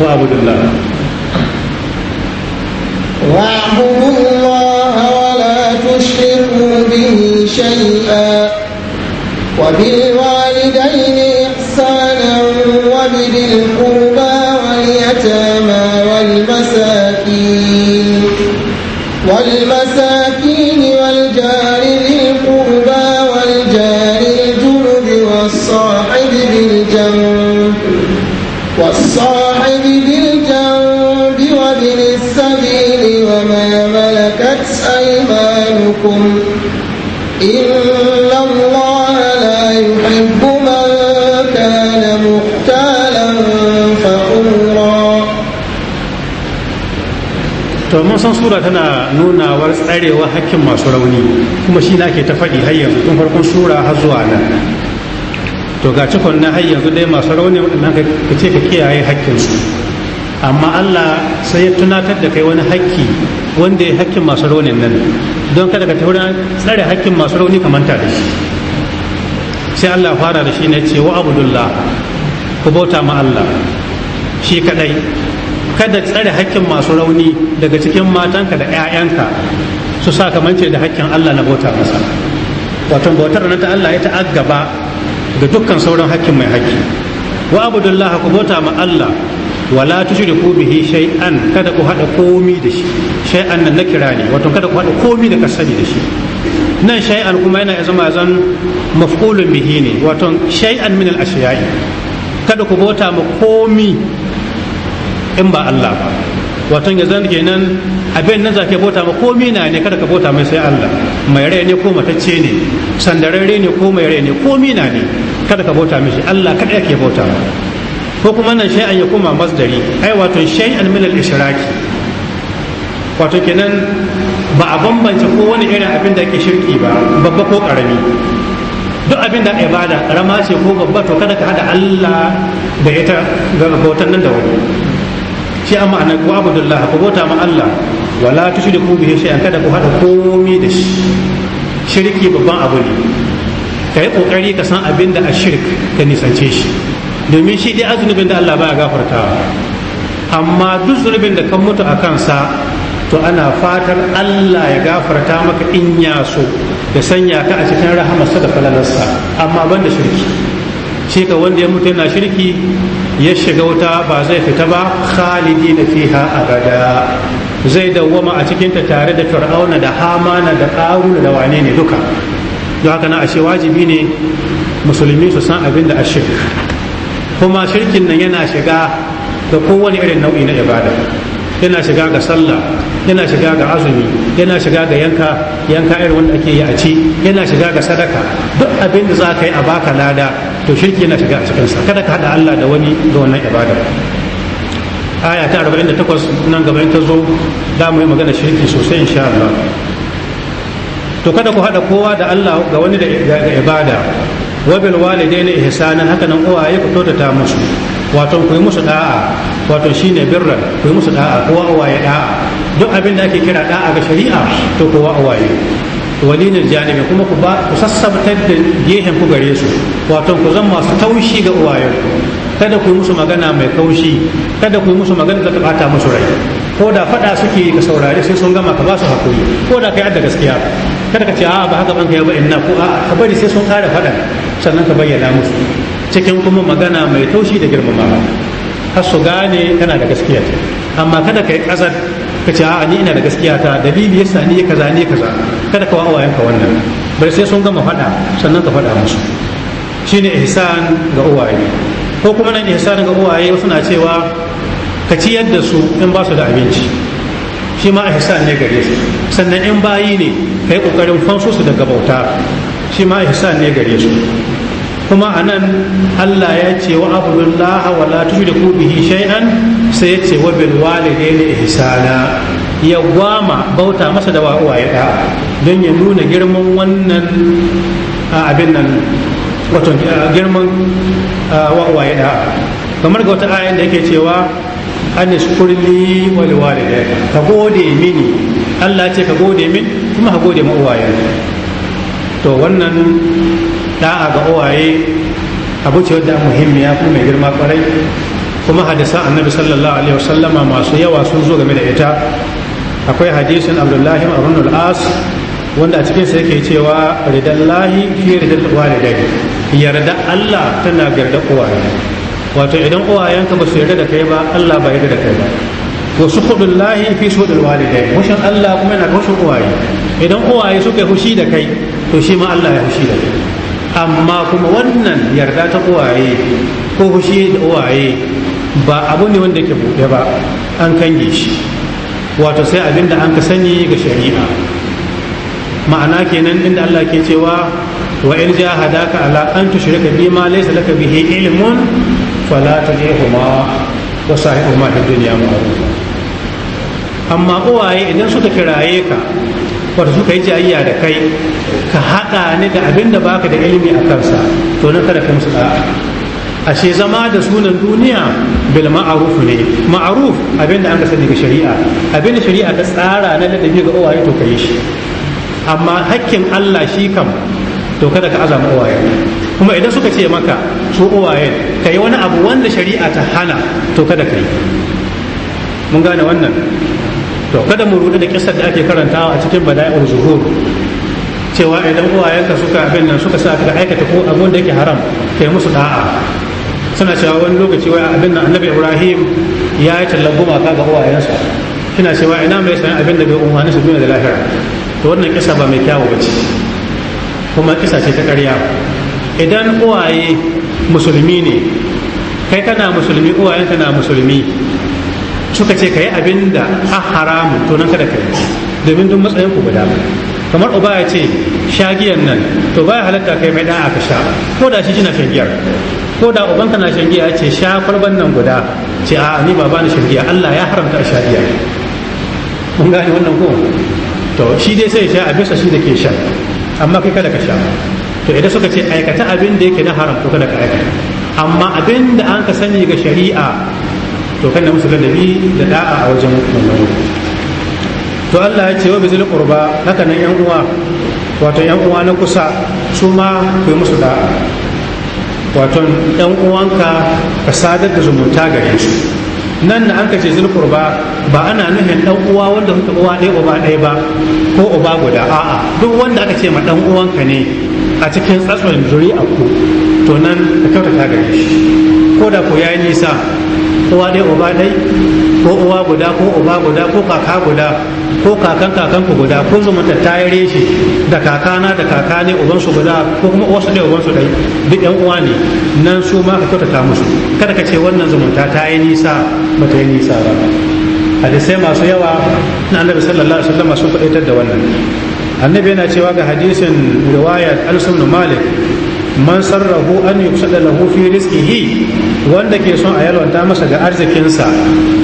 wa abudullah واعبدوا الله ولا تشركوا به شيئا وبالوالدين إحسانا وبذي القربى واليتامى والمساكين والمساكين والجار mun san sura tana nunawar tsarewa hakkin masu rauni kuma shi na ke ta faɗi har yanzu tun farkon sura har zuwa nan to ga cikon na har yanzu dai masu rauni waɗannan ka ce ka kiyaye hakkinsu amma Allah sai ya tunatar da kai wani hakki wanda ya hakkin masu raunin nan don kada ka tura tsare hakkin masu rauni ka manta da shi sai Allah fara da shi ne ce wa abudullah ku bauta ma Allah shi kadai kada tsare hakkin masu rauni daga cikin matanka da 'ya'yanka su sa da hakkin Allah na bauta masa wato bautar na ta Allah ya ta'aggaba ga dukkan sauran hakkin mai hakki wa abudullahi ku bauta ma Allah wala tushriku bihi shay'an kada ku hada komi da shi shay'an nan na kira ne wato kada ku hada komi da kasari da shi nan shay'an kuma yana zama zan maf'ulun bihi ne wato shay'an min al-ashiya'i kada ku bauta ma komi in ba Allah ba waton ya zan kenan abin nan zake bota ma ko mina ne kada ka bota mai sai Allah mai rai ne ko matacce ne sandararre ne ko mai rai ne ko mina ne kada ka bota sai Allah kada yake bota ko kuma nan shay'an ya koma masdari ai wato shay'an min al-ishraki wato kenan ba a bambance ko wani irin abin da ke shirki ba babba ko karami duk abin da ibada karama ce ko babba to kada ka hada Allah da ita ga bautan nan da wani shi a ma'anar ku abudullah ku bauta ma Allah wala tushriku bihi shay'an kada ku hada komai da shi shirki babban abu ne ka kokari ka san abin da shirk ka nisance shi domin shi dai azunubin da Allah baya gafartawa amma duk zunubin da kan mutu a kansa to ana fatar Allah ya gafarta maka in ya so ya sanya ka a cikin rahamarsa da falalarsa amma banda shirki shi ka wanda ya mutu yana shirki ya shiga wuta ba zai fita ba khalidi na fiha abada zai dawwama a cikinta tare da fir'auna da hamana da ƙaruna da wane ne duka don haka na ashe wajibi ne musulmi su san abin da ashe kuma shirkin nan yana shiga ga kowane irin nau'i na ibada yana shiga ga sallah yana shiga ga azumi yana shiga ga yanka yanka irin wanda ake yi a ci yana shiga ga sadaka duk abin da za ka yi a baka lada to shirki yana shiga a cikinsa kada ka haɗa Allah da wani da wannan ibada aya ta 48 nan gaba in ta zo da mu yi magana shirki sosai insha Allah to kada ku haɗa kowa da Allah ga wani da ibada wa bil walidaini ihsana haka nan uwaye ku tota musu wato ku yi musu da'a wato shine birran ku yi musu da'a kowa uwaye da'a duk abin da ake kira da'a ga shari'a to kowa uwaye walinin janibi kuma ku ba ku sassabtar da gehen ku gare su wato ku zan masu taushi ga uwayen kada ku yi musu magana mai kaushi kada ku yi musu magana da ta bata musu rai ko da faɗa suke ka saurari sai sun gama ka ba su hakuri ko da kai adda gaskiya kada ka ce a ba haka banka ya ba inna ko a ka bari sai sun kare faɗa sannan ka bayyana musu cikin kuma magana mai taushi da girmamawa har su gane kana da gaskiya amma kada ka yi ƙasar ka ce a ni ina da gaskiya ta dalili yasa ni kaza ni kaza kada ka wawa yanka wannan bar sai sun gama faɗa sannan ka faɗa musu shine ihsan ga uwaye ko kuma nan ihsan ga uwaye wasu na cewa ka ci yadda su in ba su da abinci shi ma ihsan ne gare su sannan in bayi ne kai kokarin fansu su daga bauta shi ma ihsan ne gare su kuma a nan allah ya ce wa abdullahi wa la tushriku bihi shay'an sai ya ce wa bil walidaini ihsana ya gwama bauta masa da wawaye da don ya nuna girman wannan abin nan wato girman wawaye da kamar ga wata ayin da yake cewa an iskurli wal walidai ka gode mini allah ce ka gode min kuma ka gode ma uwaye to wannan da'a ga uwaye abu ce wadda muhimmiya kuma mai girma kwarai kuma hadisa annabi sallallahu alaihi wasallama masu yawa sun zo game da ita akwai hadisin abdullahi ibn al-as wanda a cikinsa yake cewa ridallahi fi ridal walidai yarda Allah tana yarda uwaye wato idan uwayenka ba su yarda da kai ba Allah ba yarda da kai ba wa suhudullahi fi suhudul walidai hushin Allah kuma yana ga hushin uwaye idan uwaye suka yi hushi da kai to shi ma Allah ya hushi da kai amma kuma wannan yarda ta uwaye ko fushi da uwaye ba abu ne wanda ke buɗe ba an kange shi wato sai abin da an ka sani ga shari'a ma'ana kenan inda Allah ke cewa wa in jahadaka ala an tushrika bima laysa laka bihi ilmun fala tajihuma wa sahibuma fid dunya ma'rufa amma uwaye idan suka kiraye ka wato suka yi jayayya da kai ka haɗa ni da abin da baka da ilimi a kansa to na kada kai musu da'a ashe zama da sunan duniya bil ma'aruf ne ma'aruf abin da an ka sani ga shari'a abin shari'a ta tsara na ladabi ga uwaye to ka shi amma hakkin Allah shi kam to kada ka azama uwaye kuma idan suka ce maka su uwaye ka wani abu wanda shari'a ta hana to kada ka mun gane wannan kada mu rudu da kisar da ake karantawa a cikin bada'i'ul zuhur cewa idan uwayenka suka abin nan suka sa ka aikata ko abin da yake haram kai musu da'a suna cewa wani lokaci wai abin nan annabi ibrahim ya yi tallan gumaka ga uwayensa kina cewa ina mai sayan abin da bai umarni su duniya da lahira to wannan kisa ba mai kyawu ba ce kuma kisa ce ta ƙarya idan uwaye musulmi ne kai kana musulmi uwayenka na musulmi suka ce ka yi abin da a haramun to nan kada ka yi domin duk matsayin ku guda ba kamar uba ya ce shagiyan nan to baya halatta kai mai dan aka sha ko da shi jina shagiyar ko da ka na shagiya ce sha kwalban nan guda ce a ni ba bani shagiya Allah ya haramta a shagiya mun gane wannan ko to shi dai sai sha a bisa shi da ke sha amma kai kada ka sha to idan suka ce aikata abin da yake na haram to kada ka aikata amma abin da an ka sani ga shari'a to kan da musu ladabi da da'a a wajen wannan to Allah ya ce wa bizil qurba haka nan yan uwa wato yan uwa na kusa su ma ku yi musu da'a wato yan uwanka ka sadar da zumunta gare su nan da an ka ce zil qurba ba ana nufin dan uwa wanda kuka uwa ɗaya uba ɗaya ba ko uba guda a'a duk wanda aka ce ma dan uwanka ne a cikin tsatsun zuri'a ku to nan ka kyautata gare shi ko da ko yayi nisa uwa dai uba dai ko uwa guda ko uba guda ko kaka guda ko kakan kakan ku guda ko zumunta ta yi shi da kakana da kaka ne uban su guda ko kuma wasu ɗaya, uban su dai duk ɗan uwa ne nan su ma ka kyautata musu kada ka ce wannan zumunta ta yi nisa ba ta yi nisa ba hadisai masu yawa na annabi sallallahu alaihi wasallam sun faɗaitar da wannan annabi yana cewa ga hadisin riwayat al-sunnu malik man sarrahu an yubsada lahu fi rizqihi wanda ke son a yalwanta masa ga arzikinsa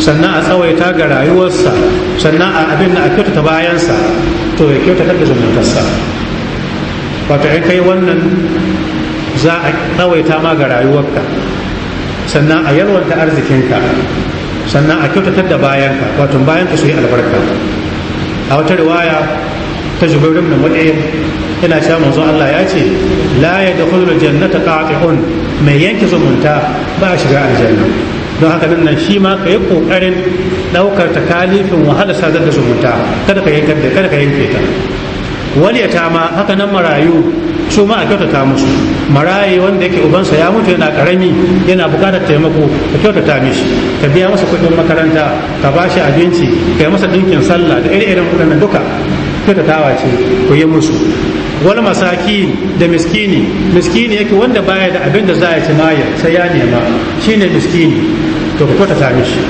sannan a tsawaita ga rayuwarsa sannan a abin da a kyautata bayansa to ya kyautata da zumuntarsa wato in kai wannan za a tsawaita ma ga rayuwarka sannan a yalwanta arzikinka sannan a kyautata da bayanka wato bayanka su yi albarka a wata riwaya ta jubairu da waɗaya. yana cewa manzon Allah ya ce la yadkhulul jannata qati'un mai yanke zumunta ba shiga aljanna don haka nan shi ma ka yi kokarin daukar takalifin wahala sadar da zumunta kada ka yanke ta kada ka yanke ta wali ta ma haka nan marayu su ma a kyautata musu maraye wanda yake ubansa ya mutu yana karami yana bukatar taimako ka kyautata mishi ka biya masa kuɗin makaranta ka bashi abinci ka yi masa dinkin sallah da iri-irin kudin duka tawa ce ku yi musu wani masaki da miskini miskini yake wanda baya da abinda da za a ci maya sai ya nema shine miskini to ku kyautata mishi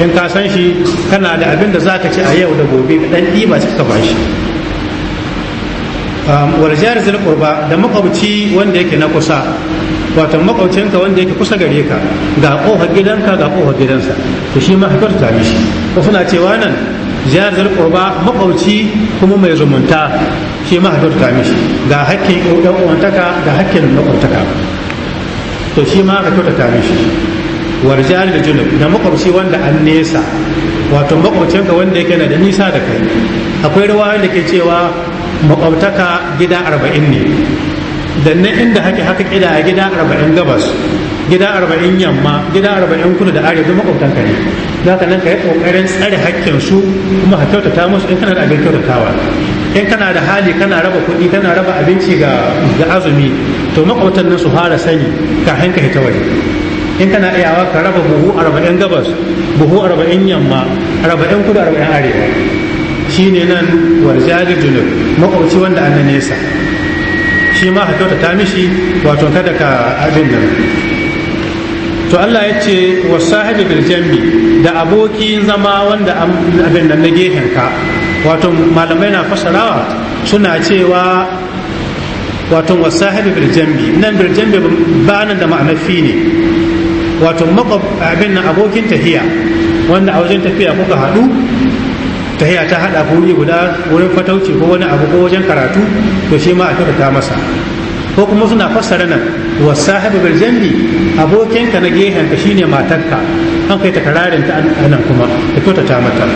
in ka san shi kana da abinda za ka ci a yau da gobe ka dan ɗiba suka ba shi um, wal jari qurba da makwabci wanda yake na kusa wato makwabcinka wanda yake kusa gare ka ga kofar gidanka ga kofar gidansa to shi ma hakarta mishi wasu na cewa nan ziyarar zalƙurba makwabci kuma mai zumunta shi ma ta mishi ga hakkin ɗan uwantaka ga hakkin makwabtaka to shi ma ka kyautata mishi ziyarar da junub da makwabci wanda an nesa wato makwabcinka wanda yake na da nisa da kai akwai ruwa da ke cewa makwabtaka gida arba'in ne da na inda haka haka kida gida arba'in gabas gida arba'in yamma gida arba'in kudu da arewa duk kautan kare ne za ka nan ka yi ƙoƙarin tsare hakkin su kuma ka ta musu in kana da abin kyautatawa in kana da hali kana raba kuɗi kana raba abinci ga azumi to makwabtan nan su fara sani ka hanka hita waje in kana iyawa ka raba buhu arba'in gabas buhu arba'in yamma arba'in kudu arba'in arewa shine nan warjari junub makwabci wanda an nesa shi ma ka ta mishi wato kada ka abin nan to Allah ya ce wa sahibi bil jambi da abokin zama wanda abin nan na gehen ka wato malamai na fasarawa suna cewa wato wa sahibi bil jambi nan bil jambi ba nan da ma'ana fi ne wato makwab abin nan abokin tahiya wanda a wajen tafiya kuka haɗu tahiya ta haɗa ko wuri guda wurin fatauci ko wani abu ko wajen karatu to shi ma a kyautata masa ko kuma suna fassara nan wa sahibu bil jambi abokinka na gehen ka shine matarka an kai kararin ta anan kuma ka ta mata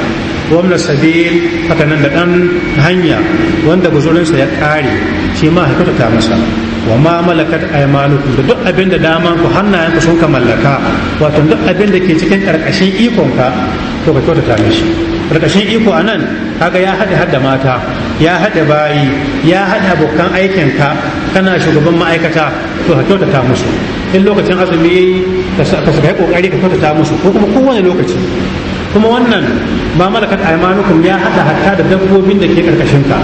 wamna sabil haka nan da dan hanya wanda sa ya kare shi ma ka ta masa wa ma malakat aymanukum da duk abinda da daman ku hannayen ku sun ka mallaka wato duk abinda ke cikin karkashin ka to ka ta mishi karkashin iko a nan kaga ya haɗe hada mata ya haɗe bayi ya haɗe abokan aikinka kana shugaban ma'aikata to ka kyautata musu in lokacin azumi yi ka saka ƙoƙari ka kyautata musu ko kuma kowane lokaci kuma wannan ba malakat aymanukum ya haɗa hatta da dabbobin da ke karkashin ka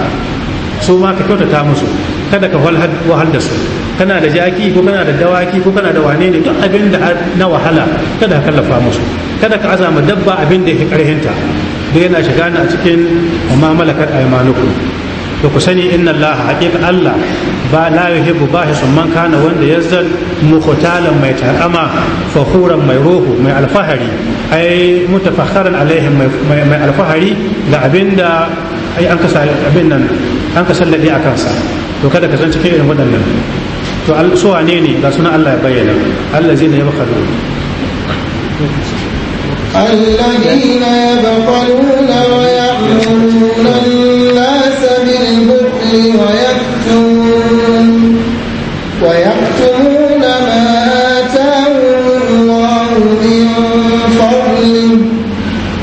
su ma ka kyautata musu kada ka wahal da su kana da jaki ko kana da dawaki ko kana da wane ne duk abin da na wahala kada ka kallafa musu kada ka azama dabba abin da yake karhinta da yana shiga ni a cikin mamalakar malakat aymanukum to ku sani inna allaha haqiqa allah ba la yuhibbu bahisun man kana wanda yazzal mukhtalan mai takama fakhuran mai ruhu mai alfahari ai mutafakharan alaihim mai alfahari da abinda ai an kasa abin nan an a kansa to kada ka san cikin irin waɗannan to su wane ne ga sunan allah ya bayyana allah zai ne ya baka الذين يبطلون ويأمرون الناس بالبخل ويكتمون ويكتمون ما آتاهم الله من فضل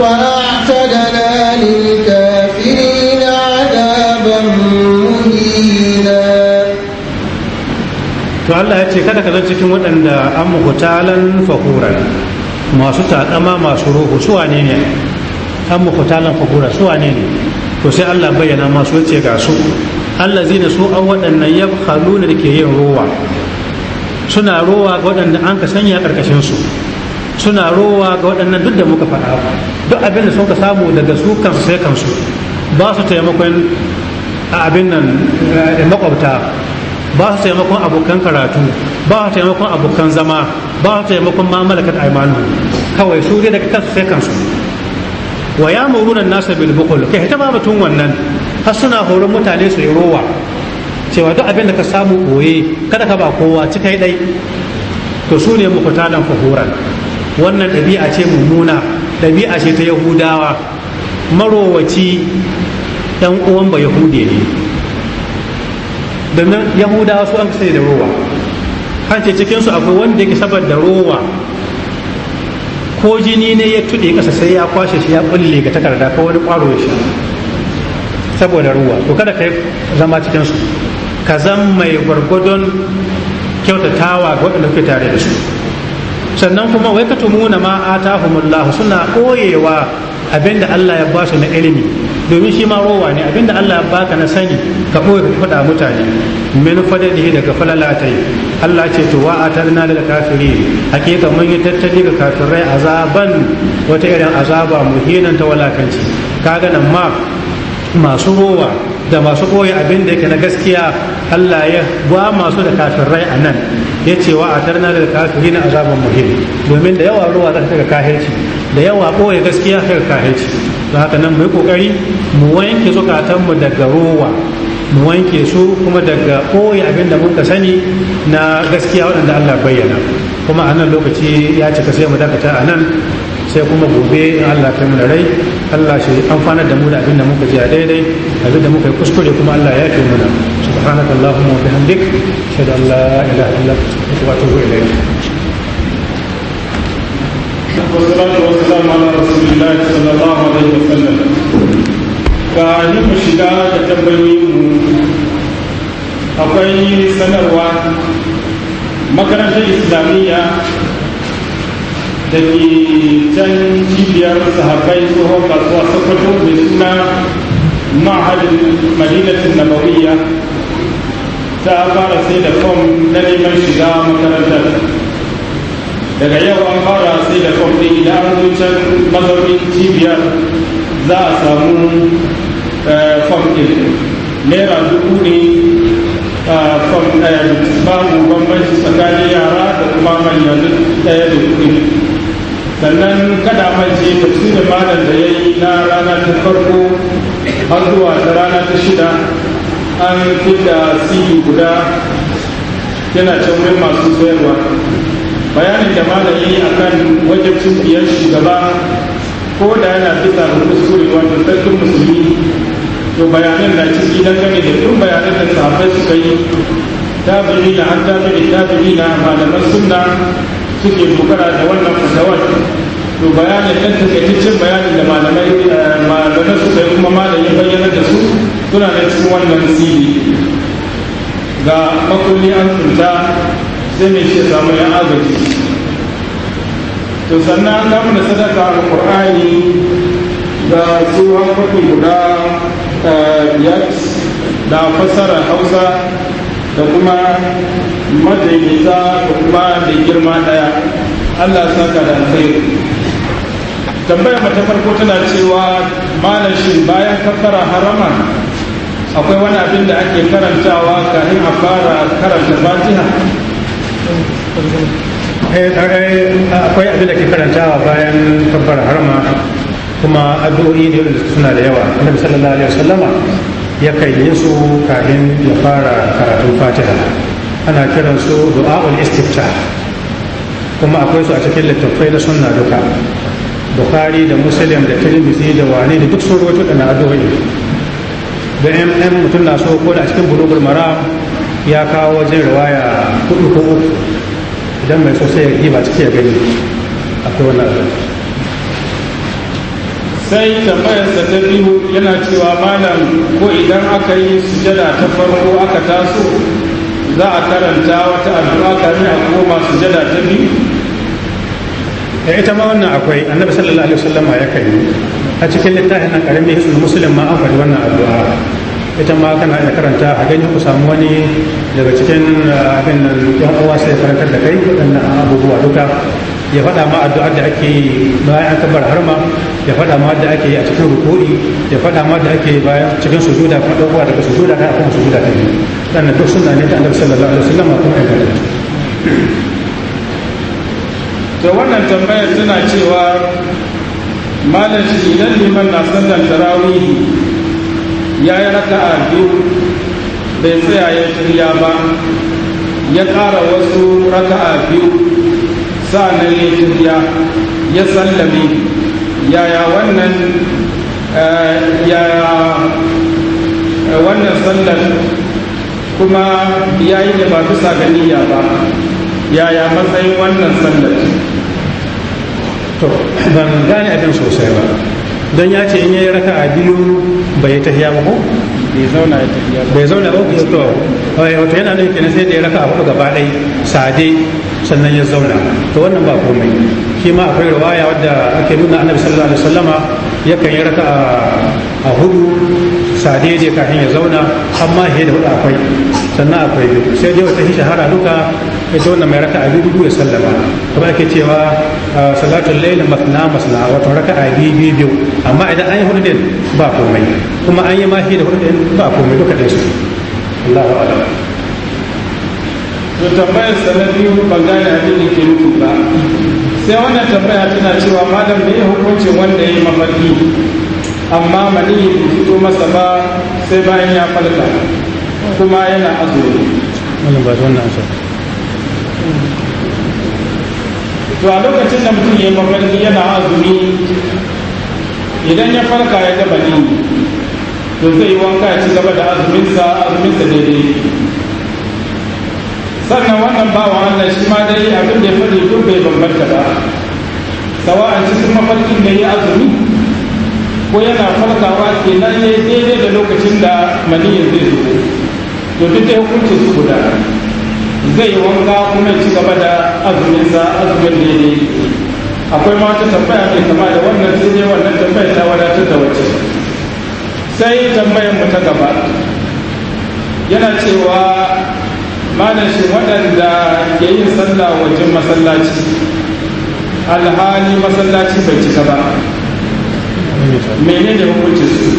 وأعتدنا للكافرين عذابا مهينا to Allah ya ce kada أن zo cikin waɗanda masu taɗama masu ruhu su wane ne an muku talan su wane ne to sai Allah bayyana masu wace ga su Allah zina su an waɗannan ya haluna da ke yin rowa suna rowa ga waɗanda an ka sanya ƙarƙashin su suna rowa ga waɗannan duk da muka faɗa duk abin da sun ka samu daga su kansu sai kansu ba su taimakon a abin nan eh, makwabta ba su taimakon abokan karatu ba su taimakon abokan zama ba su taimakon ma aimanu kawai su dai daga kansu sai kansu wa ya muruna nasa bil bukul kai ba batun wannan har suna horon mutane su yi rowa cewa duk abin da ka samu koye kada ka ba kowa cika yi dai to su ne mukutalan fahoran wannan ɗabi'a ce mummuna ɗabi'a ce ta yahudawa marowaci ɗan uwan ba yahude ne domin yahudawa su an fi da rowa an cikinsu akwai wanda yake saboda rowa ko jini ne ya tuɗe ƙasa sai ya kwashe shi ya bulle ga takarda ko wani ƙwaro ya sha saboda ruwa to kada ka zama cikinsu ka zan mai gwargwadon kyautatawa ga waɗanda kuke tare da su sannan kuma wai ka tumuna ma atahumullahu suna koyewa Abin da Allah ya basu na ilimi domin shi ma rowa ne abin da Allah ya baka na sani ka boye ka faɗa mutane min fadadihi daga falalatai Allah ce to wa atarna lil kafirin hakika mun yi tattali ga kafirai azaban wata irin azaba muhinan ta walakanci kaga nan ma masu rowa da masu koyi abin da yake na gaskiya Allah ya ba masu da kafirai a nan ya ce wa atarna lil kafirin azaban muhin domin da yawa ruwa za ta ga kahirci da yawa ɓoye gaskiya ka kahirci da haka nan mai ƙoƙari mu wanke zukatanmu daga rowa mu wanke su kuma daga ɓoye abin da muka sani na gaskiya waɗanda Allah bayyana kuma a nan lokaci ya cika sai mu dakata a nan sai kuma gobe in Allah ta mu rai Allah shi amfanar da mu da abin da muka ji a daidai abin da muka yi kuskure kuma Allah ya fi muna subhanakallahumma wa bihamdik shada la ilaha illa anta wa atubu ilayk على رسول sallallahu alaihi الله عليه وسلم mu shiga da tambayoyin mu akwai sanarwa makarantar islamiyya da ke can cibiyar sahafai tsohon kasuwa sokoto mai suna ma'adin madinatin nabawiyya ta fara sai da fom na neman shiga makarantar daga yau an fara sai da kwamfani idan an zuciyar mazaunin cibiyar za a samu kwamfani eh, naira dubu ne eh, babu bambanci tsakanin yara da kuma manyan ɗaya da kuɗi sannan kada mance da malam da ya yi na rana ta farko har zuwa ta rana ta shida an da sili guda yana can masu sayarwa bayanin da malami a kan wajen cikiyar shugaba ko da yana bisa da kuskure wato sarkin musulmi to bayanan na ciki na dangane da duk bayanan da su suka yi tabi'i da har tabi'i tabi'i na malaman sunna suke dogara da wannan fatawar to bayanin ɗan takaitaccen bayanin da malamai eh, malamai suka yi kuma malami bayyana da su suna da cikin wannan sili ga makulli an tsunta zai mai shi samu yan agaji to sannan an da sadaka alƙur'ani da tsohon kwafi guda biyar eh, da fasara hausa da kuma madaidaita da kuma da girma daya allah saka da alkhairu tambayar mata farko tana cewa malam shi bayan kafara harama akwai wani abin da ake karantawa kafin a fara karanta fatiha Eh, eh, eh, akwai abin da ke karantawa bayan kabbar harma kuma addu'o'i da suna da yawa na sallallahu alaihi wasallama ya kai yin su kafin ya fara karatun fatiha ana kiran su du'a'ul istifta kuma akwai su a cikin littattafai da sunna duka bukhari da muslim da tirmidhi da wani da duk sun rawaito da addu'o'i da yan mutum na so ko da cikin bulugul maram ya kawo wajen riwaya kudu ko uku idan mai so sai ya ɗiba ciki ya gani akwai wannan abin sai tambayarsa ta biyu yana cewa malam ko idan aka yi sujada ta farko aka taso za a karanta wata addu'a kamin a koma sujada ta biyu ita ma wannan akwai annabi sallallahu alaihi wasallam ya kai a cikin littafin na karamin hisul muslim ma an faɗi wannan addu'a ita ma kana iya karanta a ganin ku samu wani daga cikin eh, abin nan yan uwa sai karantar da kai wadannan abubuwa duka ya faɗa ma addu'a da ake yi bayan an kabar harma ya faɗa ma da ake yi a cikin rukuri ya faɗa ma da ake yi bayan cikin sujuda kuma ɗaukowa daga sujuda ta kuma sujuda ta biyu sannan duk sunna ne ta annabi sallallahu alaihi wasallam kuma ya faɗa to wannan tambayar tana cewa malam idan liman na sallan tarawihi ya yi raka a biyu bai tsaya ya shirya ba ya ƙara wasu raka a biyu sa ya shirya ya sallame yaya wannan eh, yaya eh, wannan sallar kuma ya yi da ba bisa ga niyya ba yaya matsayin wannan sallar to ban gane abin sosai ba don ya ce in yayi raka a biyu bai tafiya ba ko bai zauna ya tahiya bai zauna ba ko to eh, wato yana nufin kenan sai da ya raka a hudu gaba ɗaya sade sannan ya zauna to wannan ba komai shi ma akwai riwaya wadda ake nuna annabi sallallahu alaihi wasallama ya kan yi raka a hudu sade je kafin ya zauna amma he da hudu akwai sannan akwai biyu sai dai wata shahara duka ya zauna mai raka a biyu ya sallama kuma ake cewa salatul layl matna masna wato raka'a biyu biyu biyu amma idan an yi hudu ba komai kuma an yi mahi da hudu ba komai duka dai su Allahu a'lam to tambayar sanadi ban da abin da ke nufi ba sai wannan tambaya tana cewa malam me ya hukuncin wanda ya yi mafarki amma maniyi bai fito masa ba sai bayan ya falka kuma yana azumi wannan ba wannan to a lokacin da mutum ya mafarki yana azumi idan ya farka ya ga bani to zai yi wanka ya ci gaba da azuminsa azuminsa daidai sannan wannan bawan Allah shi ma dai abin da ya faɗi duk bai bambanta ba an cikin mafarkin da ya azumi ko yana farkawa kenan ya daidai da lokacin da maniyin zai zo to duk da hukuncin su guda zai yi wanka kuma ci gaba da azuminsa azumin da ne akwai ma wata tambaya ne kama da wannan sai dai wannan tambayar ta wadatar da wace sai tambayar mu ta gaba yana cewa malam shi waɗanda ke yin sallah wajen masallaci alhali masallaci bai cika ba menene hukuncin su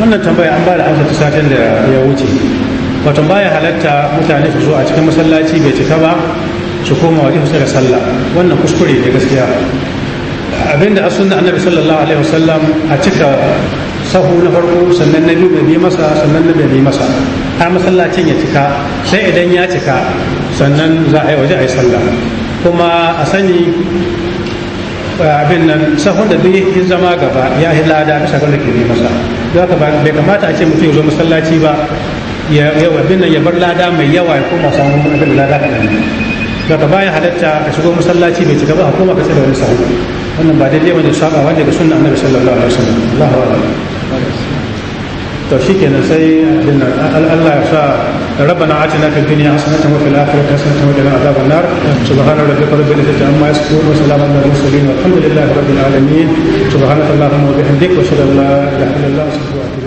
wannan tambaya an ba da amsa ta satin da ya wuce wato baya halatta mutane su zo a cikin masallaci bai cika ba su koma waje su da sallah wannan kuskure ne gaskiya abinda a sunna annabi sallallahu alaihi wasallam a cika sahu na farko sannan na biyu bai masa sannan na bai masa a' masallacin ya cika sai idan ya cika sannan za a yi waje a yi sallah kuma a sani eh, abin nan sahun da duk zama gaba ya yi lada bisa ga da ke masa ba haka bai kamata a ce mutum ya zo masallaci ba ya yawa nan ya bar lada mai yawa ya koma samun abin lada kaɗan daga bayan halatta ka shigo masallaci mai cika ba a koma ka tsaye da wani sahu wannan ba daidai wani saba wanda ga sunna annabi sallallahu alaihi wasallam Allahu akbar to shikenan sai Allah ya sa ربنا آتنا في الدنيا حسنة وفي الآخرة حسنة وقنا عذاب النار سبحان ربك رب العزة عما يصفون وسلام على المرسلين والحمد لله رب العالمين سبحانك اللهم وبحمدك واشهد ان لا اله الا